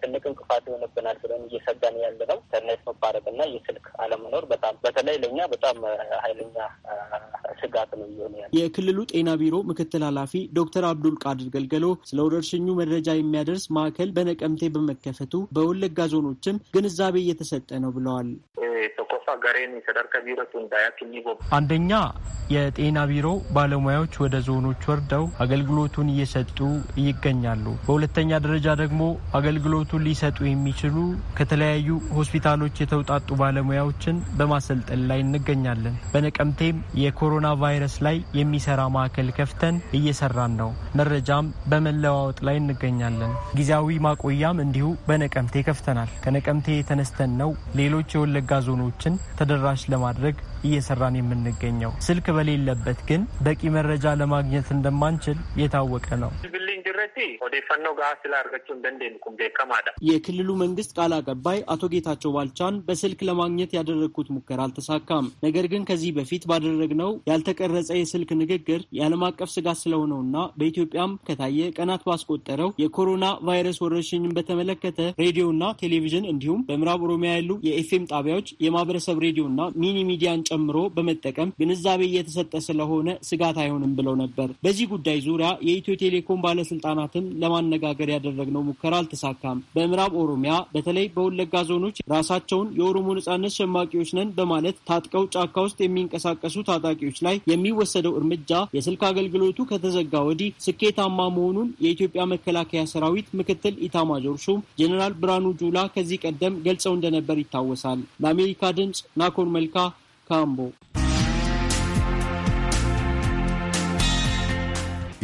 ትልቅ እንቅፋት ይሆንብናል ብለን እየሰጋን ያለ ነው ኢንተርኔት መቋረጥና የስልክ አለመኖር በጣም በተለይ ለእኛ በጣም ኃይለኛ ስጋት ነው የሚሆነ ያለ። የክልሉ ጤና ቢሮ ምክትል ኃላፊ ዶክተር አብዱል ቃድር ገልገሎ ስለ ወረርሽኙ መረጃ የሚያደርስ ማዕከል በነቀምቴ በመከፈቱ በወለጋ ዞኖችም ግንዛቤ እየተሰጠ ነው ብለዋል። አንደኛ የጤና ቢሮ ባለሙያዎች ወደ ዞኖች ወርደው አገልግሎቱን እየሰጡ ይገኛሉ። በሁለተኛ ደረጃ ደግሞ አገልግሎቱን ሊሰጡ የሚችሉ ከተለያዩ ሆስፒታሎች የተውጣጡ ባለሙያዎችን በማሰልጠን ላይ እንገኛለን። በነቀምቴም የኮሮና ቫይረስ ላይ የሚሰራ ማዕከል ከፍተን እየሰራን ነው። መረጃም በመለዋወጥ ላይ እንገኛለን። ጊዜያዊ ማቆያም እንዲሁ በነቀምቴ ከፍተናል። ከነቀምቴ የተነስተን ነው ሌሎች የወለጋ ዞኖችን ተደራሽ ለማድረግ እየሰራን የምንገኘው። ስልክ በሌለበት ግን በቂ መረጃ ለማግኘት እንደማንችል የታወቀ ነው። የክልሉ መንግስት ቃል አቀባይ አቶ ጌታቸው ባልቻን በስልክ ለማግኘት ያደረግኩት ሙከራ አልተሳካም። ነገር ግን ከዚህ በፊት ባደረግነው ያልተቀረጸ የስልክ ንግግር የዓለም አቀፍ ስጋት ስለሆነውና በኢትዮጵያም ከታየ ቀናት ባስቆጠረው የኮሮና ቫይረስ ወረርሽኝን በተመለከተ ሬዲዮና ቴሌቪዥን እንዲሁም በምዕራብ ኦሮሚያ ያሉ የኤፍኤም ጣቢያዎች የማህበረሰብ ሬዲዮና ሚኒ ሚዲያን ጨምሮ በመጠቀም ግንዛቤ እየተሰጠ ስለሆነ ስጋት አይሆንም ብለው ነበር። በዚህ ጉዳይ ዙሪያ የኢትዮ ቴሌኮም ባለስልጣናትን ለማነጋገር ያደረግነው ሙከራ አልተሳካም። በምዕራብ ኦሮሚያ በተለይ በወለጋ ዞኖች ራሳቸውን የኦሮሞ ነጻነት ሸማቂዎች ነን በማለት ታጥቀው ጫካ ውስጥ የሚንቀሳቀሱ ታጣቂዎች ላይ የሚወሰደው እርምጃ የስልክ አገልግሎቱ ከተዘጋ ወዲህ ስኬታማ መሆኑን የኢትዮጵያ መከላከያ ሰራዊት ምክትል ኢታማዦር ሹም ጀኔራል ብርሃኑ ጁላ ከዚህ ቀደም ገልጸው እንደነበር ይታወሳል። ለአሜሪካ ድምፅ ናኮን መልካ ካምቦ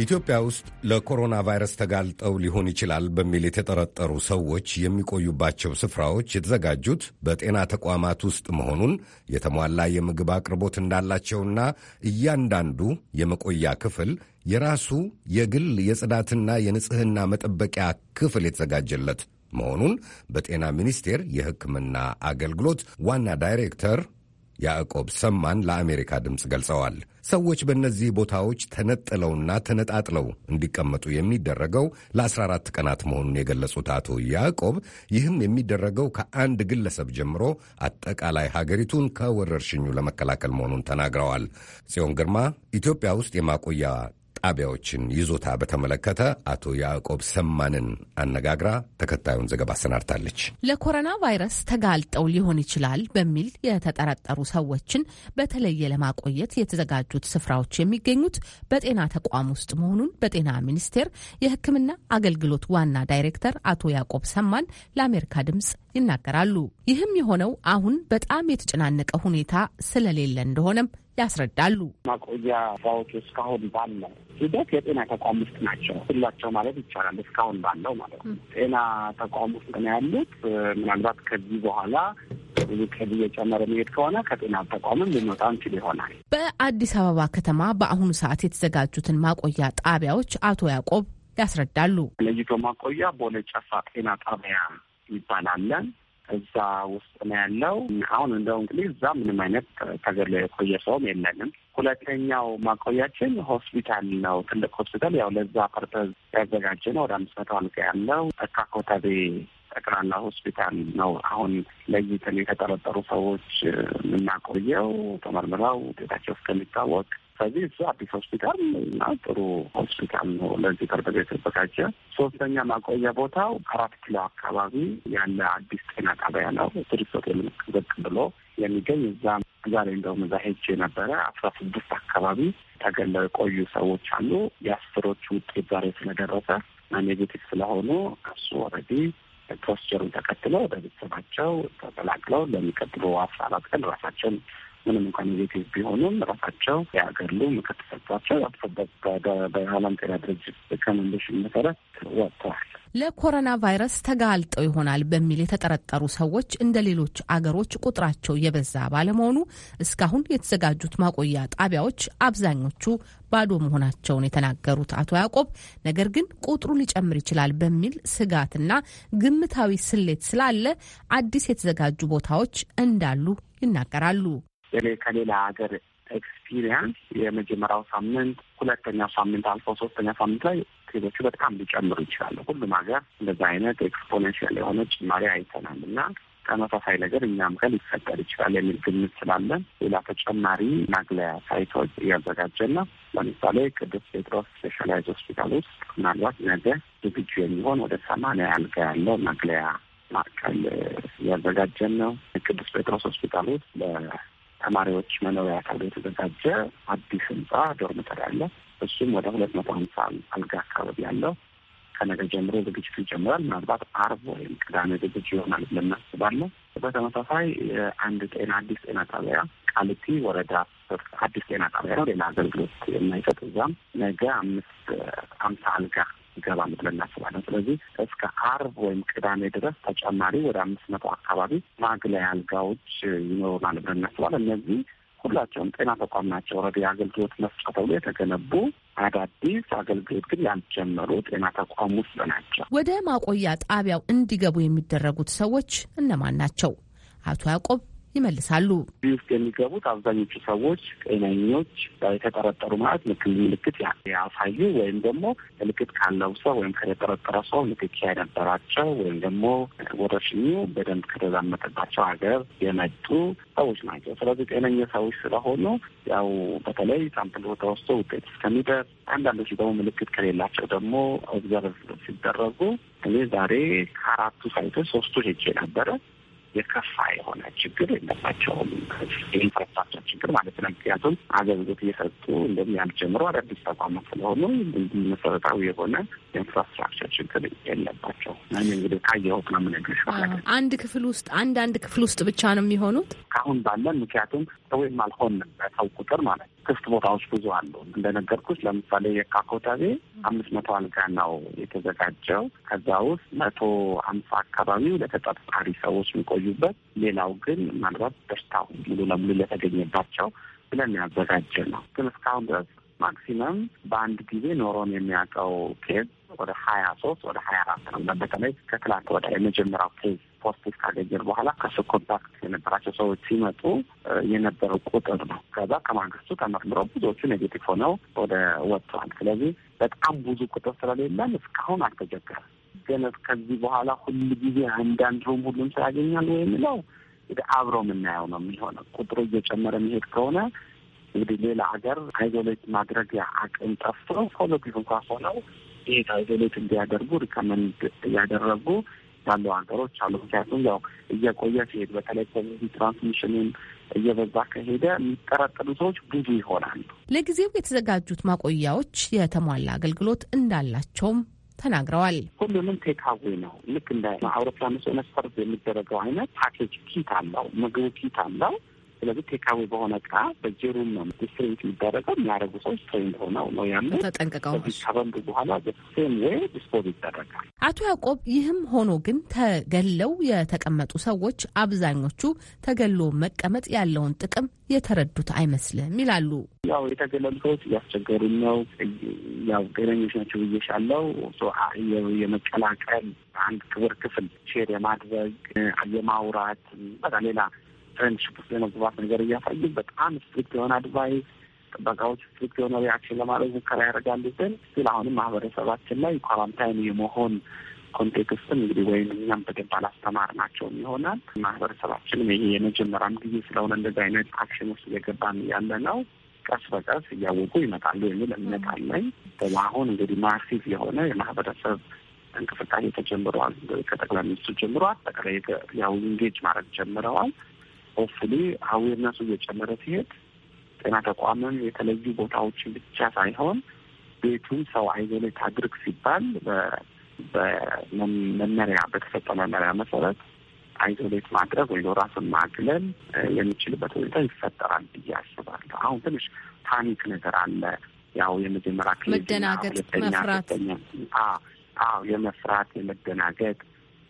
ኢትዮጵያ ውስጥ ለኮሮና ቫይረስ ተጋልጠው ሊሆን ይችላል በሚል የተጠረጠሩ ሰዎች የሚቆዩባቸው ስፍራዎች የተዘጋጁት በጤና ተቋማት ውስጥ መሆኑን የተሟላ የምግብ አቅርቦት እንዳላቸውና እያንዳንዱ የመቆያ ክፍል የራሱ የግል የጽዳትና የንጽህና መጠበቂያ ክፍል የተዘጋጀለት መሆኑን በጤና ሚኒስቴር የሕክምና አገልግሎት ዋና ዳይሬክተር ያዕቆብ ሰማን ለአሜሪካ ድምፅ ገልጸዋል። ሰዎች በእነዚህ ቦታዎች ተነጥለውና ተነጣጥለው እንዲቀመጡ የሚደረገው ለ14 ቀናት መሆኑን የገለጹት አቶ ያዕቆብ ይህም የሚደረገው ከአንድ ግለሰብ ጀምሮ አጠቃላይ ሀገሪቱን ከወረርሽኙ ለመከላከል መሆኑን ተናግረዋል። ጽዮን ግርማ ኢትዮጵያ ውስጥ የማቆያ ጣቢያዎችን ይዞታ በተመለከተ አቶ ያዕቆብ ሰማንን አነጋግራ ተከታዩን ዘገባ አሰናድታለች። ለኮሮና ቫይረስ ተጋልጠው ሊሆን ይችላል በሚል የተጠረጠሩ ሰዎችን በተለየ ለማቆየት የተዘጋጁት ስፍራዎች የሚገኙት በጤና ተቋም ውስጥ መሆኑን በጤና ሚኒስቴር የሕክምና አገልግሎት ዋና ዳይሬክተር አቶ ያዕቆብ ሰማን ለአሜሪካ ድምጽ ይናገራሉ። ይህም የሆነው አሁን በጣም የተጨናነቀ ሁኔታ ስለሌለ እንደሆነም ያስረዳሉ። ማቆያ ስራዎች እስካሁን ባለው ሂደት የጤና ተቋም ውስጥ ናቸው ሁላቸው ማለት ይቻላል። እስካሁን ባለው ማለት ነው። ጤና ተቋም ውስጥ ነው ያሉት። ምናልባት ከዚህ በኋላ ከዚህ የጨመረ መሄድ ከሆነ ከጤና ተቋምም ልንወጣ እንችል ይሆናል። በአዲስ አበባ ከተማ በአሁኑ ሰዓት የተዘጋጁትን ማቆያ ጣቢያዎች አቶ ያዕቆብ ያስረዳሉ። ለይቶ ማቆያ ቦሌ ጨፋ ጤና ጣቢያ ይባላል። እዛ ውስጥ ነው ያለው። አሁን እንደው እንግዲህ እዛ ምንም አይነት ተገድሎ የቆየ ሰውም የለንም። ሁለተኛው ማቆያችን ሆስፒታል ነው። ትልቅ ሆስፒታል ያው ለዛ ፐርፐዝ ያዘጋጀ ነው። ወደ አምስት መቶ አልጋ ያለው ጠካ ጠቅላላ ሆስፒታል ነው። አሁን ለይትን የተጠረጠሩ ሰዎች የምናቆየው ተመርምረው ውጤታቸው እስከሚታወቅ ስለዚህ እሱ አዲስ ሆስፒታል እና ጥሩ ሆስፒታል ነው ለዚህ ተርበዶ የተዘጋጀ። ሶስተኛ ማቆያ ቦታው አራት ኪሎ አካባቢ ያለ አዲስ ጤና ጣቢያ ነው። ስድስት ዝቅ ብሎ የሚገኝ እዛ ዛሬ እንደውም እዛ ሄጅ የነበረ አስራ ስድስት አካባቢ ተገለው የቆዩ ሰዎች አሉ። የአስሮች ውጤት ዛሬ ስለደረሰ ኔጌቲቭ ስለሆኑ እሱ ወረዲ ፕሮሲጀሩን ተከትሎ ወደ ቤተሰባቸው ተቀላቅለው ለሚቀጥሉ አስራ አራት ቀን ራሳቸውን ምንም እንኳን ኔጌቲቭ ቢሆኑም ራሳቸው የሀገር ሉ ምክር ተሰጥቷቸው በዓለም ጤና ድርጅት ሪኮመንዴሽን መሰረት ወጥተዋል። ለኮሮና ቫይረስ ተጋልጠው ይሆናል በሚል የተጠረጠሩ ሰዎች እንደ ሌሎች አገሮች ቁጥራቸው የበዛ ባለመሆኑ እስካሁን የተዘጋጁት ማቆያ ጣቢያዎች አብዛኞቹ ባዶ መሆናቸውን የተናገሩት አቶ ያዕቆብ ነገር ግን ቁጥሩ ሊጨምር ይችላል በሚል ስጋትና ግምታዊ ስሌት ስላለ አዲስ የተዘጋጁ ቦታዎች እንዳሉ ይናገራሉ። ከሌላ ሀገር ኤክስፒሪየንስ የመጀመሪያው ሳምንት፣ ሁለተኛው ሳምንት አልፎ ሶስተኛ ሳምንት ላይ ሌሎቹ በጣም ሊጨምሩ ይችላሉ። ሁሉም ሀገር እንደዛ አይነት ኤክስፖኔንሽል የሆነ ጭማሪ አይተናል እና ተመሳሳይ ነገር እኛም ጋር ሊፈጠር ይችላል የሚል ግምት ስላለን ሌላ ተጨማሪ ማግለያ ሳይቶች እያዘጋጀን ነው። ለምሳሌ ቅዱስ ጴጥሮስ ስፔሻላይዝ ሆስፒታል ውስጥ ምናልባት ነገ ዝግጁ የሚሆን ወደ ሰማንያ አልጋ ያለው መግለያ ማዕከል እያዘጋጀን ነው። ቅዱስ ጴጥሮስ ሆስፒታል ውስጥ ተማሪዎች መኖሪያ ተብሎ የተዘጋጀ አዲስ ህንጻ ዶርምተር አለ። እሱም ወደ ሁለት መቶ ሀምሳ አልጋ አካባቢ ያለው ከነገ ጀምሮ ዝግጅቱ ይጀምራል። ምናልባት አርብ ወይም ቅዳሜ ዝግጅ ይሆናል ብለን እናስባለን። በተመሳሳይ አንድ ጤና አዲስ ጤና ጣቢያ ቃሊቲ ወረዳ አዲስ ጤና ጣቢያ ነው፣ ሌላ አገልግሎት የማይሰጥ እዛም ነገ አምስት ሀምሳ አልጋ ይገባል ብለን እናስባለን። ስለዚህ እስከ አርብ ወይም ቅዳሜ ድረስ ተጨማሪ ወደ አምስት መቶ አካባቢ ማግለያ አልጋዎች ይኖሩናል ብለን እናስባለን። እነዚህ ሁላቸውም ጤና ተቋም ናቸው። ረዲ አገልግሎት መስጫ ተብሎ የተገነቡ አዳዲስ አገልግሎት ግን ያልጀመሩ ጤና ተቋም ውስጥ ናቸው። ወደ ማቆያ ጣቢያው እንዲገቡ የሚደረጉት ሰዎች እነማን ናቸው? አቶ ያዕቆብ ይመልሳሉ። እዚህ ውስጥ የሚገቡት አብዛኞቹ ሰዎች ጤነኞች የተጠረጠሩ ማለት ምክል ምልክት ያሳዩ ወይም ደግሞ ምልክት ካለው ሰው ወይም ከተጠረጠረ ሰው ምልክት ያነበራቸው ወይም ደግሞ ወረርሽኙ በደንብ ከተዛመተባቸው ሀገር የመጡ ሰዎች ናቸው። ስለዚህ ጤነኛ ሰዎች ስለሆኑ ያው በተለይ ሳምፕል ተወስቶ ውጤት እስከሚደርስ አንዳንዶች ደግሞ ምልክት ከሌላቸው ደግሞ ኦብዘርቭ ሲደረጉ እኔ ዛሬ ከአራቱ ሳይቶች ሶስቱ ሄጄ ነበረ። የከፋ የሆነ ችግር የለባቸውም። የኢንፍራስትራክቸር ችግር ማለት ነው። ምክንያቱም አገልግሎት እየሰጡ እንደውም ያልጀምሩ አዳዲስ ተቋማት ስለሆኑ መሰረታዊ የሆነ የኢንፍራስትራክቸር ችግር የለባቸው። እንግዲህ ካየሁት ነው የምነግርሽ። አንድ ክፍል ውስጥ አንድ አንድ ክፍል ውስጥ ብቻ ነው የሚሆኑት ካሁን ባለን ምክንያቱም ወይም አልሆንም በሰው ቁጥር ማለት ክፍት ቦታዎች ብዙ አሉ። እንደነገርኩች ለምሳሌ የካ ኮተቤ አምስት መቶ አልጋ ነው የተዘጋጀው። ከዛ ውስጥ መቶ አምሳ አካባቢው ለተጠርጣሪ ሰዎች የሚቆዩ የተገኙበት፣ ሌላው ግን ምናልባት በሽታው ሙሉ ለሙሉ ለተገኘባቸው ብለን ያዘጋጀ ነው። ግን እስካሁን ድረስ ማክሲመም በአንድ ጊዜ ኖሮን የሚያውቀው ኬዝ ወደ ሀያ ሶስት ወደ ሀያ አራት ነው። በተለይ ከትላንት ወደ የመጀመሪያው ኬዝ ፖስቲቭ ካገኘን በኋላ ከሱ ኮንታክት የነበራቸው ሰዎች ሲመጡ የነበረው ቁጥር ነው። ከዛ ከማግስቱ ተመርምሮ ብዙዎቹ ኔጌቲቭ ሆነው ወደ ወጥተዋል። ስለዚህ በጣም ብዙ ቁጥር ስለሌለን እስካሁን አልተጀገረም። ገለጽ ከዚህ በኋላ ሁሉ ጊዜ አንዳንድ ሩም ሁሉም ስራ ያገኛል ወይ የሚለው እንግዲህ አብሮ የምናየው ነው የሚሆነው። ቁጥሩ እየጨመረ መሄድ ከሆነ እንግዲህ ሌላ ሀገር አይዞሌት ማድረግ አቅም ጠፍቶ ፖለቲክ እንኳ ሆነው ይሄ አይዞሌት እንዲያደርጉ ሪከመንድ እያደረጉ ያሉ ሀገሮች አሉ። ምክንያቱም ያው እየቆየ ሲሄድ በተለይ ኮሚኒቲ ትራንስሚሽንን እየበዛ ከሄደ የሚጠረጠሩ ሰዎች ብዙ ይሆናሉ። ለጊዜው የተዘጋጁት ማቆያዎች የተሟላ አገልግሎት እንዳላቸውም ተናግረዋል። ሁሉንም ቴካዌ ነው። ልክ እንደ አውሮፕላን ውስጥ መስፈርት የሚደረገው አይነት ፓኬጅ ኪት አለው፣ ምግቡ ኪት አለው። ስለዚህ ቴካዌ በሆነ እቃ በጀሩም ነው ዲስትሪንት የሚደረገው። የሚያደረጉ ሰዎች ትሬንድ ሆነው ነው ያለ ተጠንቅቀው ከበንዱ በኋላ ሴም ዌይ ዲስፖዝ ይደረጋል። አቶ ያዕቆብ፣ ይህም ሆኖ ግን ተገለው የተቀመጡ ሰዎች አብዛኞቹ ተገሎ መቀመጥ ያለውን ጥቅም የተረዱት አይመስልም ይላሉ። ያው የተገለሉ ሰዎች እያስቸገሩን ነው። ያው ገለኞች ናቸው ብዬሻለው። የመቀላቀል አንድ ክብር ክፍል ሼር የማድረግ የማውራት በቃ ሌላ ፍሬንድሽፕ ውስጥ የመግባት ነገር እያሳዩ በጣም ስትሪክት የሆነ አድቫይስ ጥበቃዎች ስትሪክት የሆነ ሪያክሽን ለማድረግ ሙከራ ያደርጋሉ። ግን ስል አሁንም ማህበረሰባችን ላይ ኳራንታይን የመሆን ኮንቴክስትን እንግዲህ ወይም እኛም በደንብ ናቸውም ይሆናል። ማህበረሰባችንም ይሄ የመጀመሪያም ጊዜ ስለሆነ እንደዚህ አይነት አክሽን ውስጥ እየገባን ያለ ነው። ቀስ በቀስ እያወቁ ይመጣሉ የሚል እምነት አለኝ። አሁን እንግዲህ ማሲቭ የሆነ የማህበረሰብ እንቅስቃሴ ተጀምረዋል። ከጠቅላይ ሚኒስትሩ ጀምሮ አጠቃላይ ያው ኢንጌጅ ማድረግ ጀምረዋል። ሆፕፉሊ አዌርነሱ እየጨመረ ሲሄድ ጤና ተቋምም የተለዩ ቦታዎችን ብቻ ሳይሆን ቤቱን ሰው አይዞሌት አድርግ ሲባል በመመሪያ በተሰጠ መመሪያ መሰረት አይዞሌት ማድረግ ወይ ራሱን ማግለል የሚችልበት ሁኔታ ይፈጠራል ብዬ አስባለሁ። አሁን ትንሽ ፓኒክ ነገር አለ። ያው የመጀመሪያ መደናገጥ፣ መፍራት፣ የመፍራት የመደናገጥ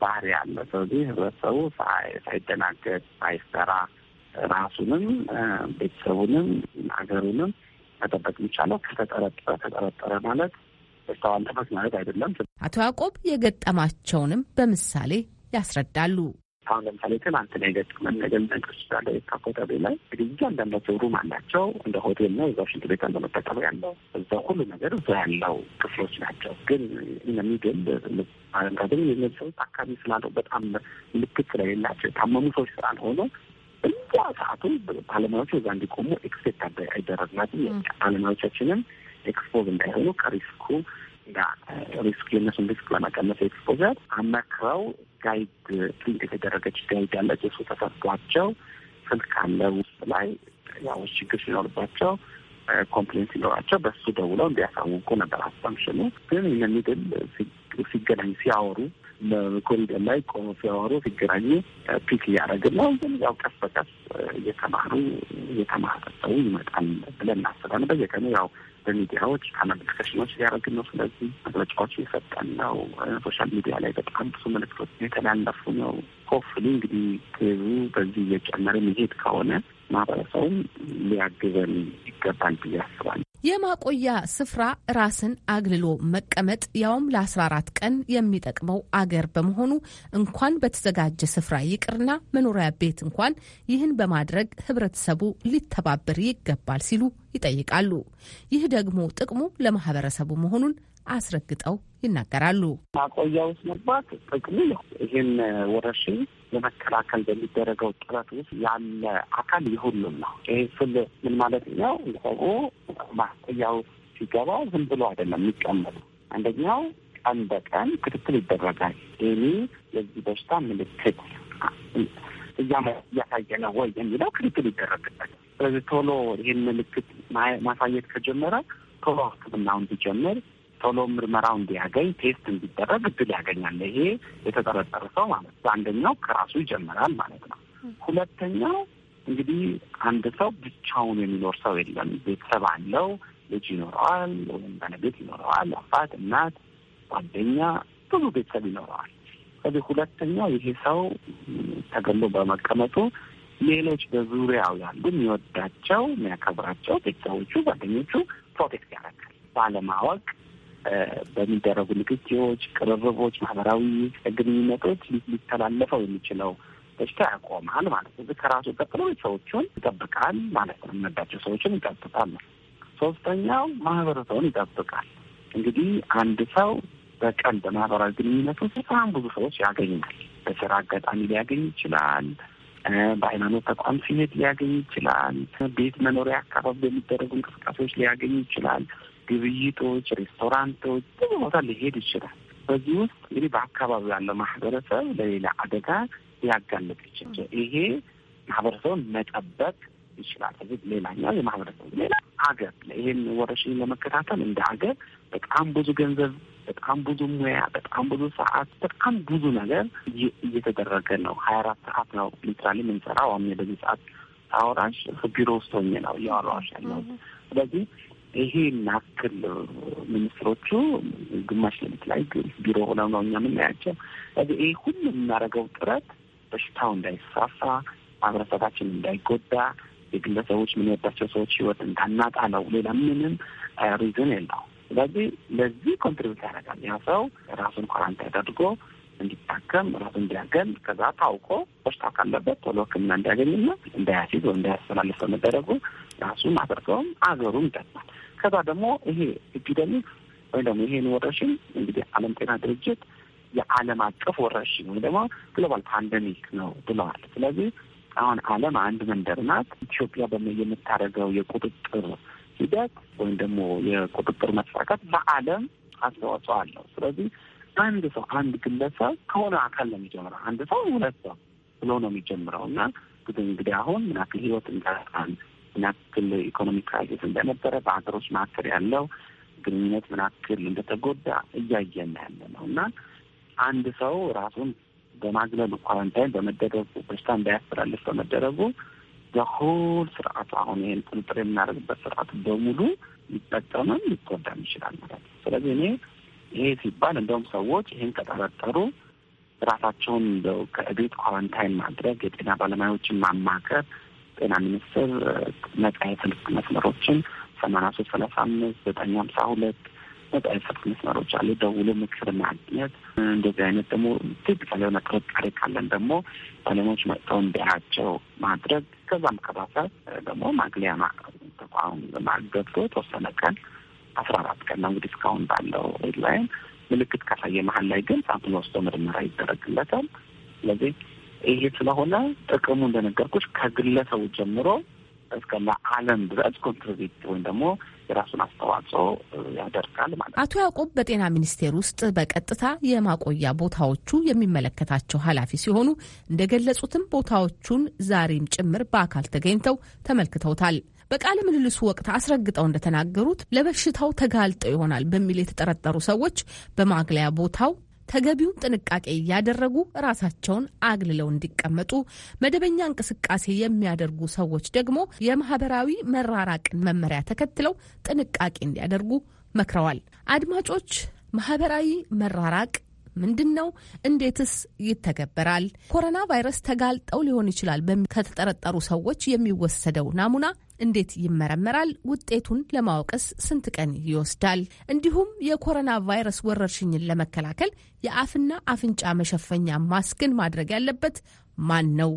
ባህሪ አለ። ስለዚህ ህብረተሰቡ ሳይደናገጥ ሳይፈራ ራሱንም ቤተሰቡንም ሀገሩንም መጠበቅ የሚቻለው ከተጠረጠረ ተጠረጠረ ማለት በስተዋል ማለት አይደለም። አቶ ያዕቆብ የገጠማቸውንም በምሳሌ ያስረዳሉ። አሁን ለምሳሌ ትናንት ነው የገጠመን ነገር ልነግርሽ እችላለሁ። የካ ሆቴል ላይ እንግዲህ እያንዳንዳቸው ሩም አላቸው እንደ ሆቴል ነው። እዛ ሽንት ቤት ለመጠቀም ያለው እዛ ሁሉ ነገር እዛ ያለው ክፍሎች ናቸው። ግን የሚገል ማለምታትም የነዚህ ሰዎች አካባቢ ስላለው በጣም ምልክት ስለሌላቸው የታመሙ ሰዎች ስላልሆነ እዛ ሰዓቱ ባለሙያዎች እዛ እንዲቆሙ ኤክስፔክት አይደረግላትም። ባለሙያዎቻችንም ኤክስፖዝ እንዳይሆኑ ከሪስኩ ሪስክ የእነሱን ሪስክ ለመቀነስ ኤክስፖዘር አመክረው ጋይድ ፕሪንት የተደረገች ጋይድ ያለች ጀሶ ተሰጥቷቸው ስልክ ካለ ውስጥ ላይ ያው ችግር ሲኖርባቸው ኮምፕሌን ሲኖራቸው በሱ ደውለው እንዲያሳውቁ ነበር አሳምሽኑ። ግን ለሚድል ሲገናኝ ሲያወሩ በኮሪደር ላይ ቆሞ ሲያወሩ ሲገናኙ ፒክ እያደረግን ነው። ግን ያው ቀስ በቀስ እየተማሩ እየተማረጠው ይመጣል ብለን እናስባለን። በየቀኑ ያው በሚዲያዎች ካናሚኒኬሽኖች ሊያደረግ ነው። ስለዚህ መግለጫዎች እየሰጠን ነው። ሶሻል ሚዲያ ላይ በጣም ብዙ ምልክቶች የተላለፉ ነው። ሆፍሊ እንግዲህ ትዙ በዚህ እየጨመረ መሄድ ከሆነ ማህበረሰቡም ሊያግዘን ይገባል ብዬ አስባለሁ። የማቆያ ስፍራ ራስን አግልሎ መቀመጥ ያውም ለ14 ቀን የሚጠቅመው አገር በመሆኑ እንኳን በተዘጋጀ ስፍራ ይቅርና መኖሪያ ቤት እንኳን ይህን በማድረግ ህብረተሰቡ ሊተባበር ይገባል ሲሉ ይጠይቃሉ። ይህ ደግሞ ጥቅሙ ለማህበረሰቡ መሆኑን አስረግጠው ይናገራሉ። ማቆያ ውስጥ መግባት ጥቅሙ ይህን ወረርሽኝ ለመከላከል በሚደረገው ጥረት ውስጥ ያለ አካል የሁሉም ነው። ይህ ስል ምን ማለት ነው? ሰው ማቆያ ውስጥ ሲገባ ዝም ብሎ አይደለም የሚቀመጡ። አንደኛው ቀን በቀን ክትትል ይደረጋል። ይህኒ የዚህ በሽታ ምልክት እያሳየ ነው ወይ የሚለው ክትትል ይደረግበታል። ስለዚህ ቶሎ ይህን ምልክት ማሳየት ከጀመረ ቶሎ ሕክምናውን እንዲጀምር ቶሎ ምርመራው እንዲያገኝ ቴስት እንዲደረግ እድል ያገኛል። ይሄ የተጠረጠረ ሰው ማለት ነው። አንደኛው ከራሱ ይጀምራል ማለት ነው። ሁለተኛው እንግዲህ አንድ ሰው ብቻውን የሚኖር ሰው የለም። ቤተሰብ አለው። ልጅ ይኖረዋል፣ ወይም ባለቤት ይኖረዋል፣ አባት፣ እናት፣ ጓደኛ፣ ብዙ ቤተሰብ ይኖረዋል። ስለዚህ ሁለተኛው ይሄ ሰው ተገሎ በመቀመጡ ሌሎች በዙሪያው ያሉ የሚወዳቸው የሚያከብራቸው ቤተሰቦቹ፣ ጓደኞቹ ፕሮቴክት ያደርጋል። ባለማወቅ በሚደረጉ ንግግሮች፣ ቅርርቦች፣ ማህበራዊ ግንኙነቶች ሊተላለፈው የሚችለው በሽታ ያቆማል ማለት ነው። ከራሱ ቀጥሎ ሰዎቹን ይጠብቃል ማለት ነው። የምንወዳቸው ሰዎችን ይጠብቃል ሶስተኛው ማህበረሰቡን ይጠብቃል። እንግዲህ አንድ ሰው በቀን በማህበራዊ ግንኙነት ውስጥ በጣም ብዙ ሰዎች ያገኛል። በስራ አጋጣሚ ሊያገኝ ይችላል። በሃይማኖት ተቋም ሲሄድ ሊያገኝ ይችላል። ቤት መኖሪያ አካባቢ በሚደረጉ እንቅስቃሴዎች ሊያገኝ ይችላል። ግብይቶች፣ ሬስቶራንቶች ብዙ ቦታ ሊሄድ ይችላል። በዚህ ውስጥ እንግዲህ በአካባቢ ያለው ማህበረሰብ ለሌላ አደጋ ሊያጋልጥ ይችላል። ይሄ ማህበረሰቡን መጠበቅ ይችላል። ስለዚህ ሌላኛው የማህበረሰቡ ሌላ ሀገር ይህን ወረርሽኝ ለመከታተል እንደ ሀገር በጣም ብዙ ገንዘብ፣ በጣም ብዙ ሙያ፣ በጣም ብዙ ሰዓት፣ በጣም ብዙ ነገር እየተደረገ ነው። ሀያ አራት ሰዓት ነው ሊትራሊ የምንሰራው። አሁን በዚህ ሰዓት አውራሽ ቢሮ ውስጥ ሆኜ ነው እያወራሁሽ ያለሁት። ስለዚህ ይሄ ናክል ሚኒስትሮቹ ግማሽ ሌሊት ላይ ቢሮ ሆነው ነው እኛ የምናያቸው። ስለዚህ ይህ ሁሉ የምናደርገው ጥረት በሽታው እንዳይስፋፋ፣ ማህበረሰባችን እንዳይጎዳ፣ የግለሰቦች የምንወዳቸው ሰዎች ህይወት እንዳናጣ ነው። ሌላ ምንም ሪዝን የለው። ስለዚህ ለዚህ ኮንትሪቢዩት ያደርጋል። ያ ሰው ራሱን ኳራንታይን አድርጎ እንዲታከም ራሱ እንዲያገል ከዛ ታውቆ በሽታ ካለበት ቶሎ ሕክምና እንዲያገኝና እንዳያሲዝ ወይም እንዳያስተላልፈ መደረጉ ራሱም አድርገውም አገሩም ይጠቅማል። ከዛ ደግሞ ይሄ ኤፒደሚክ ወይም ደግሞ ይሄን ወረርሽኝ እንግዲህ ዓለም ጤና ድርጅት የዓለም አቀፍ ወረርሽኝ ወይም ደግሞ ግሎባል ፓንደሚክ ነው ብለዋል። ስለዚህ አሁን ዓለም አንድ መንደር ናት። ኢትዮጵያ የምታደርገው የቁጥጥር ሂደት ወይም ደግሞ የቁጥጥር መሳካት ለዓለም አስተዋጽኦ አለው። ስለዚህ አንድ ሰው አንድ ግለሰብ ከሆነ አካል ነው የሚጀምረው። አንድ ሰው ሁለት ሰው ብሎ ነው የሚጀምረው እና እንግዲህ አሁን ምናክል ህይወት እንዳን ምን ያክል ኢኮኖሚ ክራይሲስ እንደነበረ በሀገሮች መካከል ያለው ግንኙነት ምን ያክል እንደተጎዳ እያየን ያለ ነው እና አንድ ሰው ራሱን በማግለሉ ኳረንታይን በመደረጉ በሽታ እንዳያስተላልፍ በመደረጉ ዘሆል ስርዓቱ አሁን ይህን ጥንጥር የምናደርግበት ስርዓቱ በሙሉ ሊጠቀምም ሊጎዳም ይችላል ማለት ነው። ስለዚህ እኔ ይሄ ሲባል እንደውም ሰዎች ይህን ከጠረጠሩ ራሳቸውን ከቤት ኳረንታይን ማድረግ፣ የጤና ባለሙያዎችን ማማከር ጤና ሚኒስቴር ነጻ የስልክ መስመሮችን ሰማንያ ሶስት ሰላሳ አምስት ዘጠኝ ሀምሳ ሁለት ነጻ የስልክ መስመሮች አሉ። ደውሎ ምክር ማግኘት እንደዚህ አይነት ደግሞ ትልቅ የሆነ ጥርጣሬ ካለን ደግሞ ባለሙያዎች መጥተው እንዲያቸው ማድረግ ከዛም ከባሰ ደግሞ ማግለያ ተቋም ማገብቶ የተወሰነ ቀን አስራ አራት ቀን ነው እንግዲህ እስካሁን ባለው ሄድላይን ምልክት ካሳየ መሀል ላይ ግን ሳምፕል ወስዶ ምርመራ ይደረግለታል። ስለዚህ ይሄ ስለሆነ ጥቅሙ እንደነገርኩች ከግለሰቡ ጀምሮ እስከ ለዓለም ድረስ ኮንትሪቢዩት ወይም ደግሞ የራሱን አስተዋጽኦ ያደርጋል ማለት ነው። አቶ ያዕቆብ በጤና ሚኒስቴር ውስጥ በቀጥታ የማቆያ ቦታዎቹ የሚመለከታቸው ኃላፊ ሲሆኑ እንደገለጹትም ቦታዎቹን ዛሬም ጭምር በአካል ተገኝተው ተመልክተውታል። በቃለ ምልልሱ ወቅት አስረግጠው እንደተናገሩት ለበሽታው ተጋልጠው ይሆናል በሚል የተጠረጠሩ ሰዎች በማግለያ ቦታው ተገቢውን ጥንቃቄ እያደረጉ ራሳቸውን አግልለው እንዲቀመጡ፣ መደበኛ እንቅስቃሴ የሚያደርጉ ሰዎች ደግሞ የማህበራዊ መራራቅን መመሪያ ተከትለው ጥንቃቄ እንዲያደርጉ መክረዋል። አድማጮች፣ ማህበራዊ መራራቅ ምንድን ነው? እንዴትስ ይተገበራል? ኮሮና ቫይረስ ተጋልጠው ሊሆን ይችላል ከተጠረጠሩ ሰዎች የሚወሰደው ናሙና እንዴት ይመረመራል? ውጤቱን ለማወቅስ ስንት ቀን ይወስዳል? እንዲሁም የኮሮና ቫይረስ ወረርሽኝን ለመከላከል የአፍና አፍንጫ መሸፈኛ ማስክን ማድረግ ያለበት ማን ነው?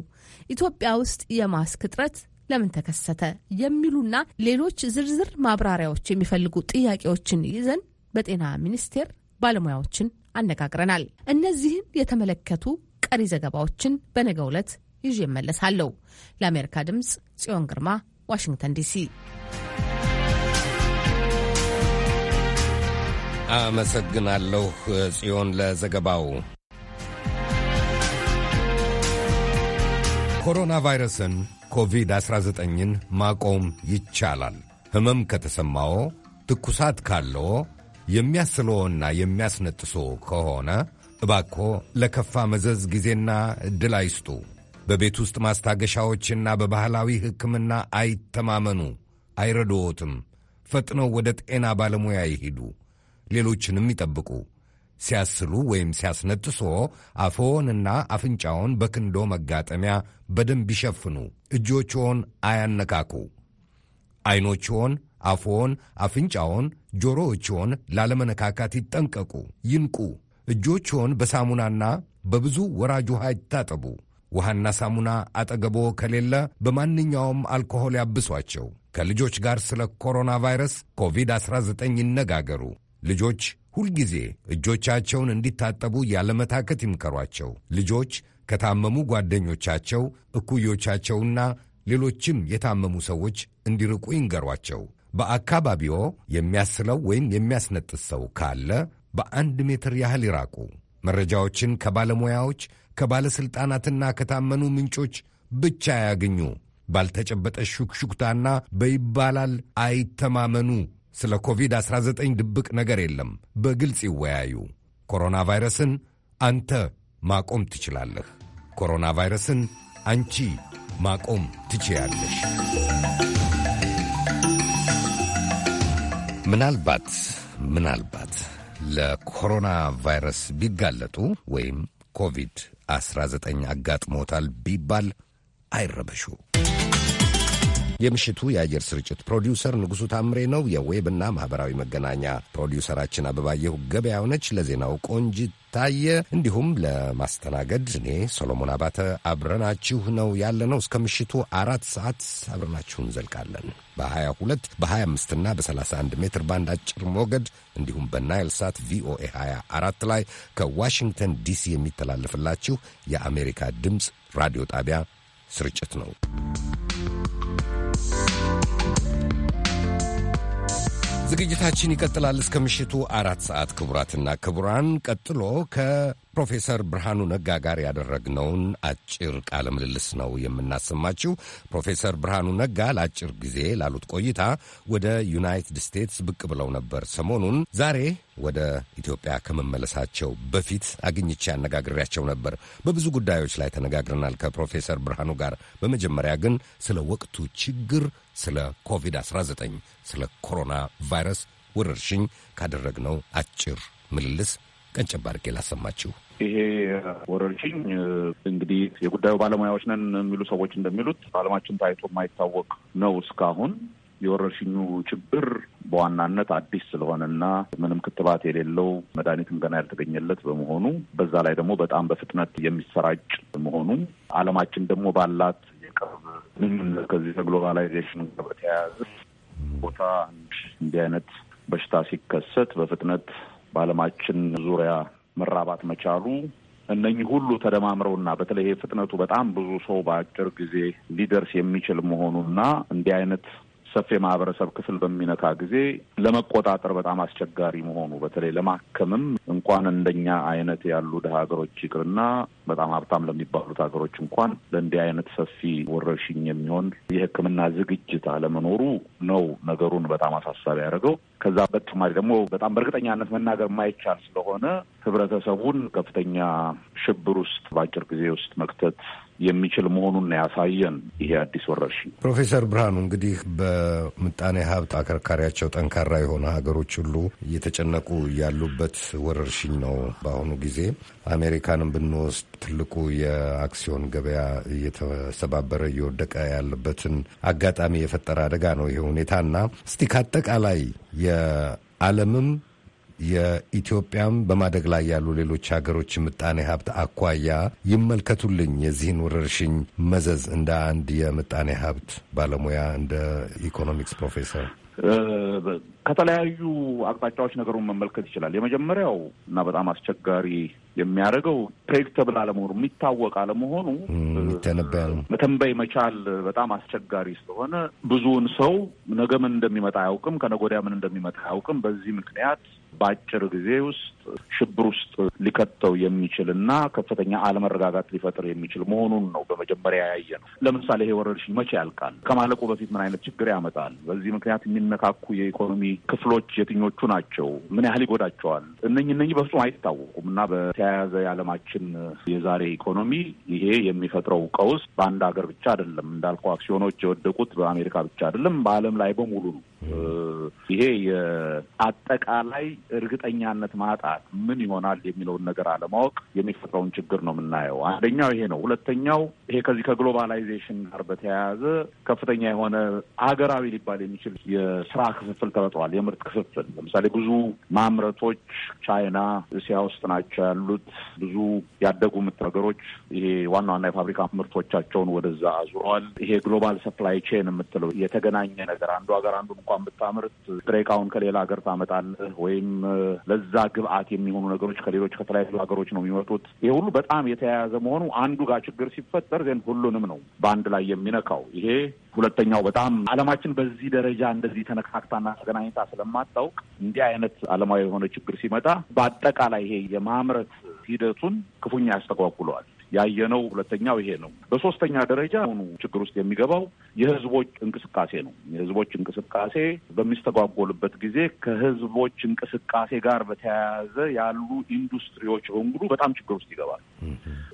ኢትዮጵያ ውስጥ የማስክ እጥረት ለምን ተከሰተ? የሚሉና ሌሎች ዝርዝር ማብራሪያዎች የሚፈልጉ ጥያቄዎችን ይዘን በጤና ሚኒስቴር ባለሙያዎችን አነጋግረናል። እነዚህን የተመለከቱ ቀሪ ዘገባዎችን በነገው ዕለት ይዤ እመለሳለሁ። ለአሜሪካ ድምፅ ጽዮን ግርማ ዋሽንግተን ዲሲ። አመሰግናለሁ ጽዮን ለዘገባው። ኮሮና ቫይረስን ኮቪድ-19ን ማቆም ይቻላል። ህመም ከተሰማዎ፣ ትኩሳት ካለዎ፣ የሚያስለዎና የሚያስነጥሶ ከሆነ እባኮ ለከፋ መዘዝ ጊዜና ዕድል አይስጡ። በቤት ውስጥ ማስታገሻዎችና በባህላዊ ሕክምና አይተማመኑ፣ አይረዶዎትም። ፈጥነው ወደ ጤና ባለሙያ ይሂዱ፣ ሌሎችንም ይጠብቁ። ሲያስሉ ወይም ሲያስነጥሶ አፍዎንና አፍንጫውን በክንዶ መጋጠሚያ በደንብ ይሸፍኑ። እጆችዎን አያነካኩ። ዐይኖችዎን፣ አፍዎን፣ አፍንጫውን ጆሮዎችዎን ላለመነካካት ይጠንቀቁ። ይንቁ። እጆችዎን በሳሙናና በብዙ ወራጅ ውሃ ይታጠቡ። ውሃና ሳሙና አጠገቦ ከሌለ በማንኛውም አልኮሆል ያብሷቸው። ከልጆች ጋር ስለ ኮሮና ቫይረስ ኮቪድ-19 ይነጋገሩ። ልጆች ሁልጊዜ እጆቻቸውን እንዲታጠቡ ያለመታከት ይምከሯቸው። ልጆች ከታመሙ ጓደኞቻቸው፣ እኩዮቻቸውና ሌሎችም የታመሙ ሰዎች እንዲርቁ ይንገሯቸው። በአካባቢዎ የሚያስለው ወይም የሚያስነጥስ ሰው ካለ በአንድ ሜትር ያህል ይራቁ። መረጃዎችን ከባለሙያዎች ከባለሥልጣናትና ከታመኑ ምንጮች ብቻ ያገኙ። ባልተጨበጠ ሹክሹክታና በይባላል አይተማመኑ። ስለ ኮቪድ-19 ድብቅ ነገር የለም። በግልጽ ይወያዩ። ኮሮና ቫይረስን አንተ ማቆም ትችላለህ። ኮሮና ቫይረስን አንቺ ማቆም ትችያለሽ። ምናልባት ምናልባት ለኮሮና ቫይረስ ቢጋለጡ ወይም ኮቪድ 19 አጋጥሞታል ቢባል አይረበሹ። የምሽቱ የአየር ስርጭት ፕሮዲውሰር ንጉሱ ታምሬ ነው። የዌብና ማህበራዊ መገናኛ ፕሮዲውሰራችን አበባየሁ ገበያው ነች። ለዜናው ቆንጅ ታየ፣ እንዲሁም ለማስተናገድ እኔ ሰሎሞን አባተ አብረናችሁ ነው ያለነው። እስከ ምሽቱ አራት ሰዓት አብረናችሁ እንዘልቃለን። በ22 በ25ና በ31 ሜትር ባንድ አጭር ሞገድ እንዲሁም በናይል ሳት ቪኦኤ 24 ላይ ከዋሽንግተን ዲሲ የሚተላለፍላችሁ የአሜሪካ ድምፅ ራዲዮ ጣቢያ ስርጭት ነው። ዝግጅታችን ይቀጥላል እስከ ምሽቱ አራት ሰዓት። ክቡራትና ክቡራን፣ ቀጥሎ ከ ፕሮፌሰር ብርሃኑ ነጋ ጋር ያደረግነውን አጭር ቃለ ምልልስ ነው የምናሰማችው። ፕሮፌሰር ብርሃኑ ነጋ ለአጭር ጊዜ ላሉት ቆይታ ወደ ዩናይትድ ስቴትስ ብቅ ብለው ነበር። ሰሞኑን ዛሬ ወደ ኢትዮጵያ ከመመለሳቸው በፊት አግኝቼ አነጋግሬያቸው ነበር። በብዙ ጉዳዮች ላይ ተነጋግረናል ከፕሮፌሰር ብርሃኑ ጋር። በመጀመሪያ ግን ስለ ወቅቱ ችግር፣ ስለ ኮቪድ-19፣ ስለ ኮሮና ቫይረስ ወረርሽኝ ካደረግነው አጭር ምልልስ ቀንጨባርጌ ላሰማችሁ። ይሄ ወረርሽኝ እንግዲህ የጉዳዩ ባለሙያዎች ነን የሚሉ ሰዎች እንደሚሉት በዓለማችን ታይቶ የማይታወቅ ነው እስካሁን የወረርሽኙ ችግር በዋናነት አዲስ ስለሆነና ምንም ክትባት የሌለው መድኃኒትም ገና ያልተገኘለት በመሆኑ በዛ ላይ ደግሞ በጣም በፍጥነት የሚሰራጭ መሆኑ ዓለማችን ደግሞ ባላት የቅርብ ግንኙነት ከዚህ ከግሎባላይዜሽን ጋር በተያያዘ ቦታ እንዲህ አይነት በሽታ ሲከሰት በፍጥነት በዓለማችን ዙሪያ መራባት መቻሉ እነኚህ ሁሉ ተደማምረውና በተለይ ፍጥነቱ በጣም ብዙ ሰው በአጭር ጊዜ ሊደርስ የሚችል መሆኑና እንዲህ አይነት ሰፊ የማህበረሰብ ክፍል በሚነካ ጊዜ ለመቆጣጠር በጣም አስቸጋሪ መሆኑ በተለይ ለማከምም እንኳን እንደኛ አይነት ያሉ ድሀ ሀገሮች ይቅርና በጣም ሀብታም ለሚባሉት ሀገሮች እንኳን ለእንዲህ አይነት ሰፊ ወረርሽኝ የሚሆን የሕክምና ዝግጅት አለመኖሩ ነው ነገሩን በጣም አሳሳቢ ያደርገው ከዛ በተጨማሪ ደግሞ በጣም በእርግጠኛነት መናገር የማይቻል ስለሆነ ህብረተሰቡን ከፍተኛ ሽብር ውስጥ በአጭር ጊዜ ውስጥ መክተት የሚችል መሆኑን ያሳየን ይሄ አዲስ ወረርሽኝ። ፕሮፌሰር ብርሃኑ እንግዲህ በምጣኔ ሀብት አከርካሪያቸው ጠንካራ የሆነ ሀገሮች ሁሉ እየተጨነቁ ያሉበት ወረርሽኝ ነው። በአሁኑ ጊዜ አሜሪካንም ብንወስድ ትልቁ የአክሲዮን ገበያ እየተሰባበረ እየወደቀ ያለበትን አጋጣሚ የፈጠረ አደጋ ነው ይሄ ሁኔታና እስቲ ከአጠቃላይ የዓለምም የኢትዮጵያም በማደግ ላይ ያሉ ሌሎች ሀገሮች ምጣኔ ሀብት አኳያ ይመልከቱልኝ የዚህን ወረርሽኝ መዘዝ እንደ አንድ የምጣኔ ሀብት ባለሙያ እንደ ኢኮኖሚክስ ፕሮፌሰር ከተለያዩ አቅጣጫዎች ነገሩን መመልከት ይችላል። የመጀመሪያው እና በጣም አስቸጋሪ የሚያደርገው ፕሬዲክተብል አለመሆኑ የሚታወቅ አለመሆኑ መተንበይ መቻል በጣም አስቸጋሪ ስለሆነ ብዙውን ሰው ነገ ምን እንደሚመጣ አያውቅም፣ ከነገ ወዲያ ምን እንደሚመጣ አያውቅም። በዚህ ምክንያት በአጭር ጊዜ ውስጥ ሽብር ውስጥ ሊከተው የሚችል እና ከፍተኛ አለመረጋጋት ሊፈጥር የሚችል መሆኑን ነው በመጀመሪያ ያየ ነው። ለምሳሌ ይሄ ወረርሽኝ መቼ ያልቃል? ከማለቁ በፊት ምን አይነት ችግር ያመጣል? በዚህ ምክንያት የሚነካኩ የኢኮኖሚ ክፍሎች የትኞቹ ናቸው? ምን ያህል ይጎዳቸዋል? እነኝ እነኝ በፍጹም አይታወቁም እና በተያያዘ የዓለማችን የዛሬ ኢኮኖሚ ይሄ የሚፈጥረው ቀውስ በአንድ ሀገር ብቻ አይደለም። እንዳልከው አክሲዮኖች የወደቁት በአሜሪካ ብቻ አይደለም፣ በዓለም ላይ በሙሉ ነው። ይሄ የአጠቃላይ እርግጠኛነት ማጣት ምን ይሆናል የሚለውን ነገር አለማወቅ የሚፈጥረውን ችግር ነው የምናየው። አንደኛው ይሄ ነው። ሁለተኛው ይሄ ከዚህ ከግሎባላይዜሽን ጋር በተያያዘ ከፍተኛ የሆነ ሀገራዊ ሊባል የሚችል የስራ ክፍፍል ተፈጥሯል። የምርት ክፍፍል ለምሳሌ ብዙ ማምረቶች ቻይና፣ እስያ ውስጥ ናቸው ያሉት። ብዙ ያደጉ ምት ሀገሮች ይሄ ዋና ዋና የፋብሪካ ምርቶቻቸውን ወደዛ አዙረዋል። ይሄ ግሎባል ሰፕላይ ቼን የምትለው የተገናኘ ነገር አንዱ ሀገር አንዱን እንኳን ብታምርት ጥሬ ከሌላ ሀገር ታመጣለህ ወይም ለዛ ግብአት የሚሆኑ ነገሮች ከሌሎች ከተለያዩ ሀገሮች ነው የሚመጡት። ይሄ ሁሉ በጣም የተያያዘ መሆኑ አንዱ ጋር ችግር ሲፈጠር ዜን ሁሉንም ነው በአንድ ላይ የሚነካው። ይሄ ሁለተኛው በጣም አለማችን በዚህ ደረጃ እንደዚህ ተነካክታና ተገናኝታ ስለማታውቅ እንዲህ አይነት አለማዊ የሆነ ችግር ሲመጣ በአጠቃላይ ይሄ የማምረት ሂደቱን ክፉኛ ያስተጓጉለዋል። ያየነው ሁለተኛው ይሄ ነው። በሶስተኛ ደረጃ አሁኑ ችግር ውስጥ የሚገባው የህዝቦች እንቅስቃሴ ነው። የህዝቦች እንቅስቃሴ በሚስተጓጎልበት ጊዜ ከህዝቦች እንቅስቃሴ ጋር በተያያዘ ያሉ ኢንዱስትሪዎች በሙሉ በጣም ችግር ውስጥ ይገባል።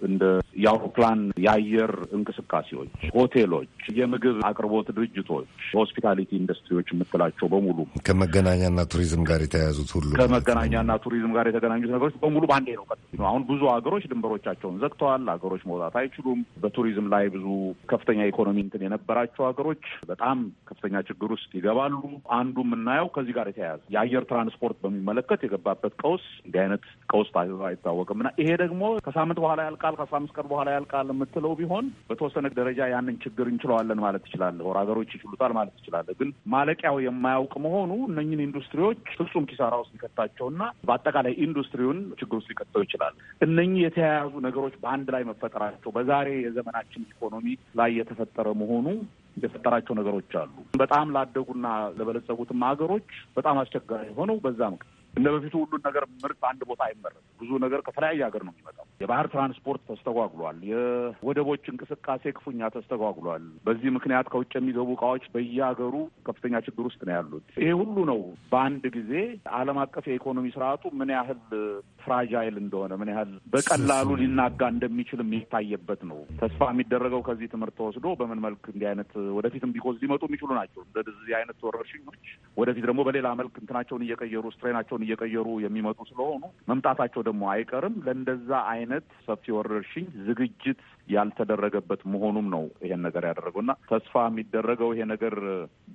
እንደ የአውሮፕላን የአየር እንቅስቃሴዎች፣ ሆቴሎች፣ የምግብ አቅርቦት ድርጅቶች፣ ሆስፒታሊቲ ኢንዱስትሪዎች የምትላቸው በሙሉ ከመገናኛና ቱሪዝም ጋር የተያያዙት ሁሉ ከመገናኛና ቱሪዝም ጋር የተገናኙት ነገሮች በሙሉ በአንዴ ነው። አሁን ብዙ ሀገሮች ድንበሮቻቸውን ዘግተዋል። ይችላል። ሀገሮች መውጣት አይችሉም። በቱሪዝም ላይ ብዙ ከፍተኛ ኢኮኖሚ እንትን የነበራቸው ሀገሮች በጣም ከፍተኛ ችግር ውስጥ ይገባሉ። አንዱ የምናየው ከዚህ ጋር የተያያዘ የአየር ትራንስፖርት በሚመለከት የገባበት ቀውስ እንዲህ አይነት ቀውስ አይታወቅም እና ይሄ ደግሞ ከሳምንት በኋላ ያልቃል፣ ከአስራ አምስት ቀን በኋላ ያልቃል የምትለው ቢሆን በተወሰነ ደረጃ ያንን ችግር እንችለዋለን ማለት ትችላለህ፣ ወር ሀገሮች ይችሉታል ማለት ትችላለህ። ግን ማለቂያው የማያውቅ መሆኑ እነኝን ኢንዱስትሪዎች ፍጹም ኪሳራ ውስጥ ሊከታቸውና በአጠቃላይ ኢንዱስትሪውን ችግር ውስጥ ሊከተው ይችላል። እነኚህ የተያያዙ ነገሮች በአንድ ላይ መፈጠራቸው በዛሬ የዘመናችን ኢኮኖሚ ላይ የተፈጠረ መሆኑ የፈጠራቸው ነገሮች አሉ። በጣም ላደጉና ለበለጸጉትም ሀገሮች በጣም አስቸጋሪ የሆነው በዛ ምክንያት እንደ በፊቱ ሁሉን ነገር ምርት አንድ ቦታ አይመረትም። ብዙ ነገር ከተለያየ ሀገር ነው የሚመጣው። የባህር ትራንስፖርት ተስተጓጉሏል። የወደቦች እንቅስቃሴ ክፉኛ ተስተጓጉሏል። በዚህ ምክንያት ከውጭ የሚገቡ እቃዎች በየሀገሩ ከፍተኛ ችግር ውስጥ ነው ያሉት። ይሄ ሁሉ ነው በአንድ ጊዜ ዓለም አቀፍ የኢኮኖሚ ስርዓቱ ምን ያህል ፍራጃይል እንደሆነ ምን ያህል በቀላሉ ሊናጋ እንደሚችል የሚታየበት ነው። ተስፋ የሚደረገው ከዚህ ትምህርት ተወስዶ በምን መልክ እንዲህ አይነት ወደፊትም ቢኮዝ ሊመጡ የሚችሉ ናቸው እንደዚህ አይነት ወረርሽኞች ወደፊት ደግሞ በሌላ መልክ እንትናቸውን እየቀየሩ ስትሬናቸውን እየቀየሩ የሚመጡ ስለሆኑ መምጣታቸው ደግሞ አይቀርም። ለእንደዛ አይነት ሰፊ ወረርሽኝ ዝግጅት ያልተደረገበት መሆኑም ነው ይሄን ነገር ያደረገው እና ተስፋ የሚደረገው ይሄ ነገር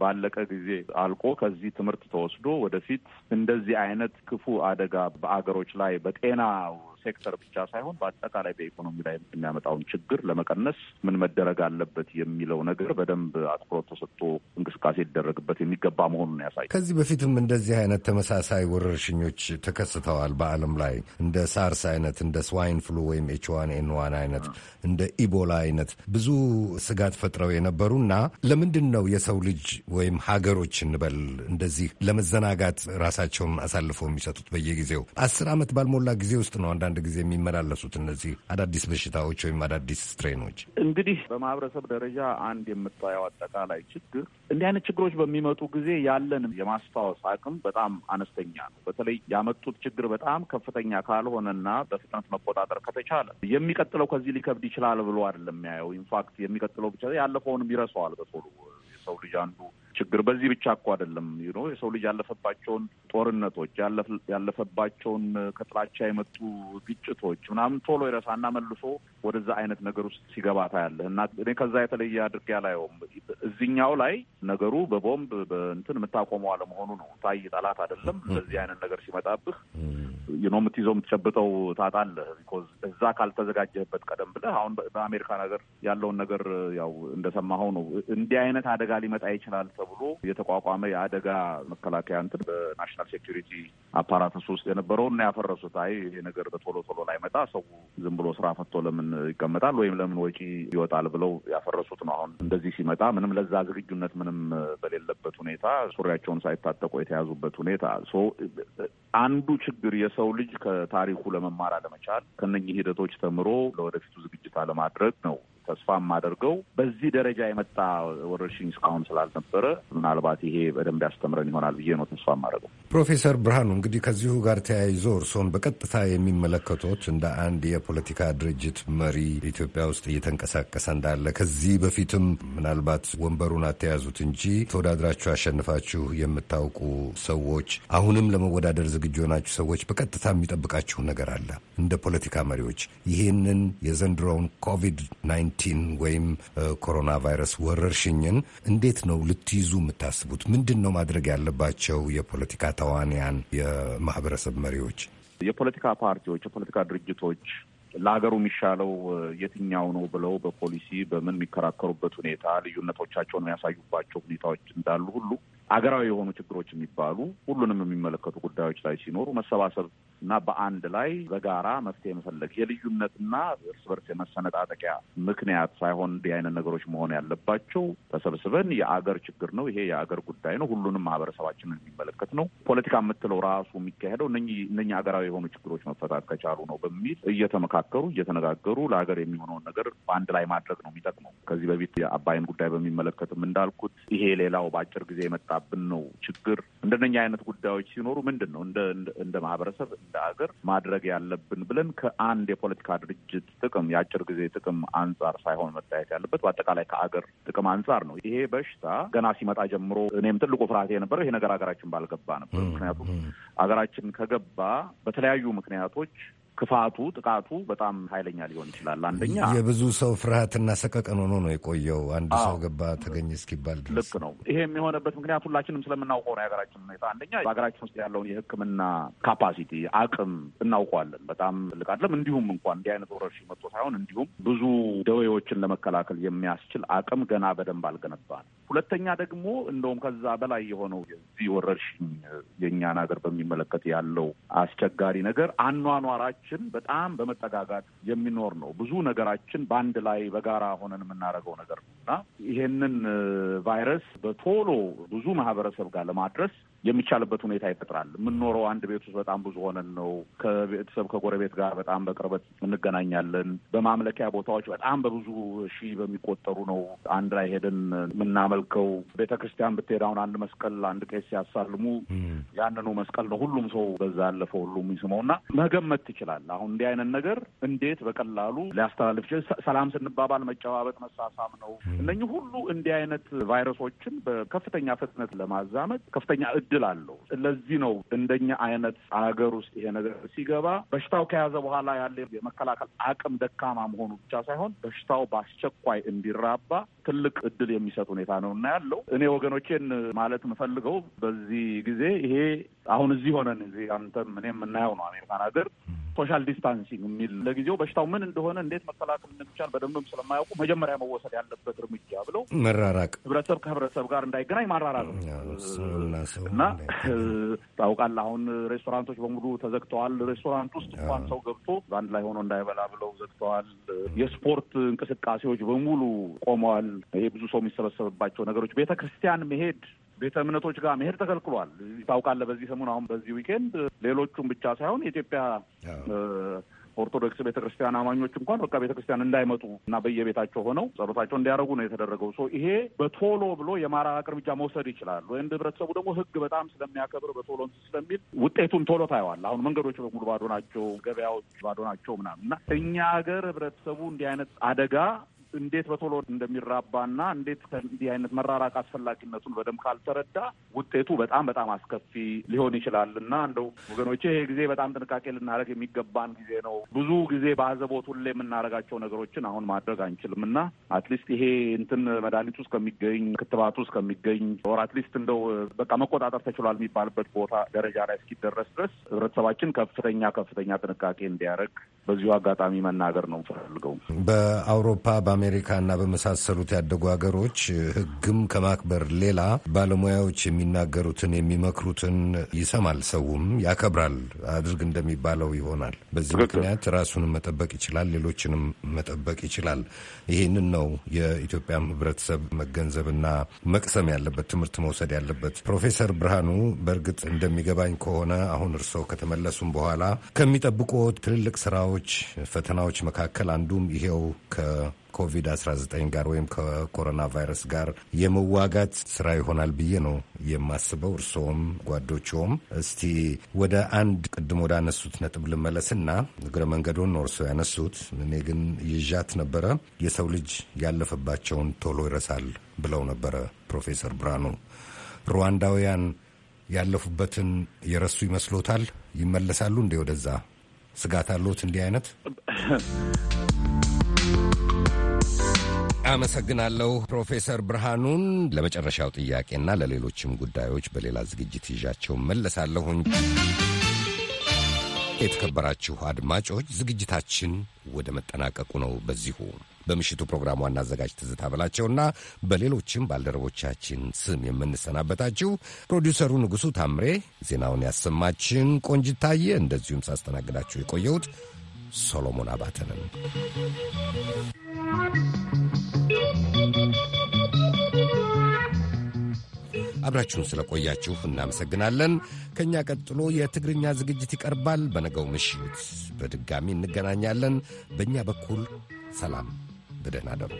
ባለቀ ጊዜ አልቆ ከዚህ ትምህርት ተወስዶ ወደፊት እንደዚህ አይነት ክፉ አደጋ በአገሮች ላይ በጤና ሴክተር ብቻ ሳይሆን በአጠቃላይ በኢኮኖሚ ላይ የሚያመጣውን ችግር ለመቀነስ ምን መደረግ አለበት የሚለው ነገር በደንብ አትኩሮት ተሰጥቶ እንቅስቃሴ ሊደረግበት የሚገባ መሆኑን ያሳይ። ከዚህ በፊትም እንደዚህ አይነት ተመሳሳይ ወረርሽኞች ተከስተዋል በዓለም ላይ እንደ ሳርስ አይነት፣ እንደ ስዋይን ፍሉ ወይም ኤችዋን ኤንዋን አይነት፣ እንደ ኢቦላ አይነት ብዙ ስጋት ፈጥረው እና ለምንድን ነው የሰው ልጅ ወይም ሀገሮች እንበል እንደዚህ ለመዘናጋት ራሳቸውን አሳልፈው የሚሰጡት በየጊዜው አስር ዓመት ባልሞላ ጊዜ ውስጥ ነው አንዳንድ አንድ ጊዜ የሚመላለሱት እነዚህ አዳዲስ በሽታዎች ወይም አዳዲስ ስትሬኖች? እንግዲህ በማህበረሰብ ደረጃ አንድ የምታየው አጠቃላይ ችግር እንዲህ አይነት ችግሮች በሚመጡ ጊዜ ያለን የማስታወስ አቅም በጣም አነስተኛ ነው። በተለይ ያመጡት ችግር በጣም ከፍተኛ ካልሆነና በፍጥነት መቆጣጠር ከተቻለ የሚቀጥለው ከዚህ ሊከብድ ይችላል ብሎ አይደለም የሚያየው። ኢንፋክት የሚቀጥለው ብቻ ያለፈውንም ይረሳዋል። በቶሎ የሰው ልጅ አንዱ ችግር በዚህ ብቻ እኮ አይደለም ነው የሰው ልጅ ያለፈባቸውን ጦርነቶች ያለፈባቸውን ከጥላቻ የመጡ ግጭቶች ምናምን ቶሎ ይረሳና መልሶ ወደዛ አይነት ነገር ውስጥ ሲገባ ታያለህ። እና እኔ ከዛ የተለየ አድርጌ አላየውም። እዚኛው ላይ ነገሩ በቦምብ በእንትን የምታቆመው አለመሆኑ ነው። ታይ ጠላት አይደለም። እንደዚህ አይነት ነገር ሲመጣብህ ኖ የምትይዘው የምትጨብጠው ታጣለህ። ቢኮዝ እዛ ካልተዘጋጀህበት ቀደም ብለህ አሁን በአሜሪካ ነገር ያለውን ነገር ያው እንደሰማኸው ነው። እንዲህ አይነት አደጋ ሊመጣ ይችላል ተብሎ የተቋቋመ የአደጋ መከላከያ እንትን በናሽናል ሴኪሪቲ አፓራተስ ውስጥ የነበረውና ያፈረሱት። አይ ይሄ ነገር በቶሎ ቶሎ ላይ መጣ ሰው ዝም ብሎ ስራ ፈቶ ለምን ይቀመጣል ወይም ለምን ወጪ ይወጣል ብለው ያፈረሱት ነው። አሁን እንደዚህ ሲመጣ ምንም ለዛ ዝግጁነት ምንም በሌለበት ሁኔታ ሱሪያቸውን ሳይታጠቁ የተያዙበት ሁኔታ አንዱ ችግር የሰው ልጅ ከታሪኩ ለመማር አለመቻል ከነኚህ ሂደቶች ተምሮ ለወደፊቱ ዝግጅት አለማድረግ ነው። ተስፋ የማደርገው በዚህ ደረጃ የመጣ ወረርሽኝ እስካሁን ስላልነበረ ምናልባት ይሄ በደንብ ያስተምረን ይሆናል ብዬ ነው ተስፋ የማደርገው። ፕሮፌሰር ብርሃኑ እንግዲህ ከዚሁ ጋር ተያይዞ እርስዎን በቀጥታ የሚመለከቱት እንደ አንድ የፖለቲካ ድርጅት መሪ ኢትዮጵያ ውስጥ እየተንቀሳቀሰ እንዳለ ከዚህ በፊትም ምናልባት ወንበሩን አተያዙት እንጂ ተወዳድራችሁ አሸንፋችሁ የምታውቁ ሰዎች አሁንም ለመወዳደር ዝግጁ የሆናችሁ ሰዎች በቀጥታ የሚጠብቃችሁ ነገር አለ እንደ ፖለቲካ መሪዎች ይህንን የዘንድሮውን ኮቪድ ናይንቲን ወይም ኮሮና ቫይረስ ወረርሽኝን እንዴት ነው ልትይዙ የምታስቡት? ምንድን ነው ማድረግ ያለባቸው የፖለቲካ ተዋንያን፣ የማህበረሰብ መሪዎች፣ የፖለቲካ ፓርቲዎች፣ የፖለቲካ ድርጅቶች ለሀገሩ የሚሻለው የትኛው ነው ብለው በፖሊሲ በምን የሚከራከሩበት ሁኔታ ልዩነቶቻቸውን የሚያሳዩባቸው ሁኔታዎች እንዳሉ ሁሉ አገራዊ የሆኑ ችግሮች የሚባሉ ሁሉንም የሚመለከቱ ጉዳዮች ላይ ሲኖሩ መሰባሰብ እና በአንድ ላይ በጋራ መፍትሄ መፈለግ የልዩነትና እርስ በርስ የመሰነጣጠቂያ ምክንያት ሳይሆን እንዲህ አይነት ነገሮች መሆን ያለባቸው። ተሰብስበን የአገር ችግር ነው ይሄ የአገር ጉዳይ ነው፣ ሁሉንም ማህበረሰባችንን የሚመለከት ነው። ፖለቲካ የምትለው ራሱ የሚካሄደው እነኚህ አገራዊ የሆኑ ችግሮች መፈታት ከቻሉ ነው በሚል እየተመካከሩ እየተነጋገሩ ለሀገር የሚሆነውን ነገር በአንድ ላይ ማድረግ ነው የሚጠቅመው። ከዚህ በፊት የአባይን ጉዳይ በሚመለከትም እንዳልኩት ይሄ ሌላው በአጭር ጊዜ የመጣ የሚመጣብን ነው ችግር። እንደነኛ አይነት ጉዳዮች ሲኖሩ ምንድን ነው እንደ ማህበረሰብ እንደ ሀገር ማድረግ ያለብን ብለን ከአንድ የፖለቲካ ድርጅት ጥቅም የአጭር ጊዜ ጥቅም አንጻር ሳይሆን መታየት ያለበት በአጠቃላይ ከአገር ጥቅም አንጻር ነው። ይሄ በሽታ ገና ሲመጣ ጀምሮ እኔም ትልቁ ፍርሃት የነበረው ይሄ ነገር ሀገራችን ባልገባ ነበር። ምክንያቱም ሀገራችን ከገባ በተለያዩ ምክንያቶች ክፋቱ፣ ጥቃቱ በጣም ኃይለኛ ሊሆን ይችላል። አንደኛ የብዙ ሰው ፍርሃትና ሰቀቀን ሆኖ ነው የቆየው። አንድ ሰው ገባ ተገኘ እስኪባል ድረስ ልክ ነው። ይሄ የሚሆነበት ምክንያት ሁላችንም ስለምናውቀው ነው። የሀገራችን ሁኔታ አንደኛ በሀገራችን ውስጥ ያለውን የሕክምና ካፓሲቲ አቅም እናውቀዋለን። በጣም ልቅ አይደለም። እንዲሁም እንኳን እንዲህ አይነት ወረርሽኝ መጥቶ ሳይሆን እንዲሁም ብዙ ደዌዎችን ለመከላከል የሚያስችል አቅም ገና በደንብ አልገነባል። ሁለተኛ ደግሞ እንደውም ከዛ በላይ የሆነው የዚህ ወረርሽኝ የእኛን ሀገር በሚመለከት ያለው አስቸጋሪ ነገር አኗኗራችን ሀገራችን በጣም በመጠጋጋት የሚኖር ነው። ብዙ ነገራችን በአንድ ላይ በጋራ ሆነን የምናደርገው ነገር ነው እና ይሄንን ቫይረስ በቶሎ ብዙ ማህበረሰብ ጋር ለማድረስ የሚቻልበት ሁኔታ ይፈጥራል። የምንኖረው አንድ ቤት ውስጥ በጣም ብዙ ሆነን ነው። ከቤተሰብ ከጎረቤት ጋር በጣም በቅርበት እንገናኛለን። በማምለኪያ ቦታዎች በጣም በብዙ ሺህ በሚቆጠሩ ነው አንድ ላይ ሄደን የምናመልከው። ቤተ ክርስቲያን ብትሄድ አሁን አንድ መስቀል አንድ ቄስ ሲያሳልሙ ያንኑ መስቀል ነው ሁሉም ሰው በዛ ያለፈው ሁሉ የሚስመው እና መገመት ትችላል። አሁን እንዲህ አይነት ነገር እንዴት በቀላሉ ሊያስተላልፍ ሰላም ስንባባል መጨባበጥ፣ መሳሳም ነው። እነኚህ ሁሉ እንዲህ አይነት ቫይረሶችን በከፍተኛ ፍጥነት ለማዛመድ ከፍተኛ እድል እድል አለው። ስለዚህ ነው እንደኛ አይነት አገር ውስጥ ይሄ ነገር ሲገባ በሽታው ከያዘ በኋላ ያለ የመከላከል አቅም ደካማ መሆኑ ብቻ ሳይሆን በሽታው በአስቸኳይ እንዲራባ ትልቅ እድል የሚሰጥ ሁኔታ ነው እና ያለው እኔ ወገኖቼን ማለት የምፈልገው በዚህ ጊዜ ይሄ አሁን እዚህ ሆነን እዚህ አንተም እኔ የምናየው ነው አሜሪካን ሀገር ሶሻል ዲስታንሲንግ የሚል ለጊዜው በሽታው ምን እንደሆነ እንዴት መከላከል እንደሚቻል በደንብም ስለማያውቁ መጀመሪያ መወሰድ ያለበት እርምጃ ብለው መራራቅ፣ ህብረተሰብ ከህብረተሰብ ጋር እንዳይገናኝ ማራራቅ እና እና ታውቃለህ፣ አሁን ሬስቶራንቶች በሙሉ ተዘግተዋል። ሬስቶራንት ውስጥ እንኳን ሰው ገብቶ በአንድ ላይ ሆኖ እንዳይበላ ብለው ዘግተዋል። የስፖርት እንቅስቃሴዎች በሙሉ ቆመዋል። ይሄ ብዙ ሰው የሚሰበሰብባቸው ነገሮች፣ ቤተ ክርስቲያን መሄድ ቤተ እምነቶች ጋር መሄድ ተከልክሏል። ታውቃለህ፣ በዚህ ሰሞን አሁን በዚህ ዊኬንድ ሌሎቹም ብቻ ሳይሆን የኢትዮጵያ ኦርቶዶክስ ቤተክርስቲያን አማኞች እንኳን በቃ ቤተክርስቲያን እንዳይመጡ እና በየቤታቸው ሆነው ጸሎታቸው እንዲያደርጉ ነው የተደረገው። ሶ ይሄ በቶሎ ብሎ የማራቅ እርምጃ መውሰድ ይችላል። ወይም ህብረተሰቡ ደግሞ ህግ በጣም ስለሚያከብር በቶሎ ስለሚል ውጤቱን ቶሎ ታየዋል። አሁን መንገዶች በሙሉ ባዶ ናቸው፣ ገበያዎች ባዶ ናቸው ምናምን እና እኛ ሀገር ህብረተሰቡ እንዲህ አይነት አደጋ እንዴት በቶሎ እንደሚራባና እንዴት ከእንዲህ አይነት መራራቅ አስፈላጊነቱን በደንብ ካልተረዳ ውጤቱ በጣም በጣም አስከፊ ሊሆን ይችላል እና እንደው ወገኖቼ ይሄ ጊዜ በጣም ጥንቃቄ ልናደርግ የሚገባን ጊዜ ነው። ብዙ ጊዜ በአዘቦት ሁሌ የምናደርጋቸው ነገሮችን አሁን ማድረግ አንችልም እና አትሊስት ይሄ እንትን መድኃኒቱ እስከሚገኝ ክትባቱ እስከሚገኝ ወር አትሊስት እንደው በቃ መቆጣጠር ተችሏል የሚባልበት ቦታ ደረጃ ላይ እስኪደረስ ድረስ ህብረተሰባችን ከፍተኛ ከፍተኛ ጥንቃቄ እንዲያደርግ በዚሁ አጋጣሚ መናገር ነው ፈልገው በአውሮፓ አሜሪካና በመሳሰሉት ያደጉ ሀገሮች ሕግም ከማክበር ሌላ ባለሙያዎች የሚናገሩትን የሚመክሩትን ይሰማል፣ ሰውም ያከብራል። አድርግ እንደሚባለው ይሆናል። በዚህ ምክንያት ራሱንም መጠበቅ ይችላል፣ ሌሎችንም መጠበቅ ይችላል። ይህንን ነው የኢትዮጵያም ህብረተሰብ መገንዘብና መቅሰም ያለበት ትምህርት መውሰድ ያለበት። ፕሮፌሰር ብርሃኑ በእርግጥ እንደሚገባኝ ከሆነ አሁን እርስዎ ከተመለሱም በኋላ ከሚጠብቁት ትልልቅ ስራዎች፣ ፈተናዎች መካከል አንዱም ይሄው ከ ከኮቪድ-19 ጋር ወይም ከኮሮና ቫይረስ ጋር የመዋጋት ስራ ይሆናል ብዬ ነው የማስበው። እርስዎም ጓዶችዎም፣ እስቲ ወደ አንድ ቅድም ወደ አነሱት ነጥብ ልመለስና እግረ መንገዶን ነው እርስዎ ያነሱት፣ እኔ ግን ይዣት ነበረ። የሰው ልጅ ያለፈባቸውን ቶሎ ይረሳል ብለው ነበረ ፕሮፌሰር ብርሃኑ ሩዋንዳውያን ያለፉበትን የረሱ ይመስሎታል? ይመለሳሉ እንዴ? ወደዛ ስጋት አለዎት? እንዲህ አይነት አመሰግናለሁ ፕሮፌሰር ብርሃኑን። ለመጨረሻው ጥያቄና ለሌሎችም ጉዳዮች በሌላ ዝግጅት ይዣቸው መለሳለሁኝ። የተከበራችሁ አድማጮች ዝግጅታችን ወደ መጠናቀቁ ነው። በዚሁ በምሽቱ ፕሮግራም ዋና አዘጋጅ ትዝታ በላቸውና በሌሎችም ባልደረቦቻችን ስም የምንሰናበታችሁ ፕሮዲውሰሩ ንጉሡ ታምሬ፣ ዜናውን ያሰማችን ቆንጅታየ እንደዚሁም ሳስተናግዳችሁ የቆየሁት ሶሎሞን አባተ ነን። አብራችሁን ስለቆያችሁ እናመሰግናለን። ከእኛ ቀጥሎ የትግርኛ ዝግጅት ይቀርባል። በነገው ምሽት በድጋሚ እንገናኛለን። በእኛ በኩል ሰላም፣ በደህና አደሩ።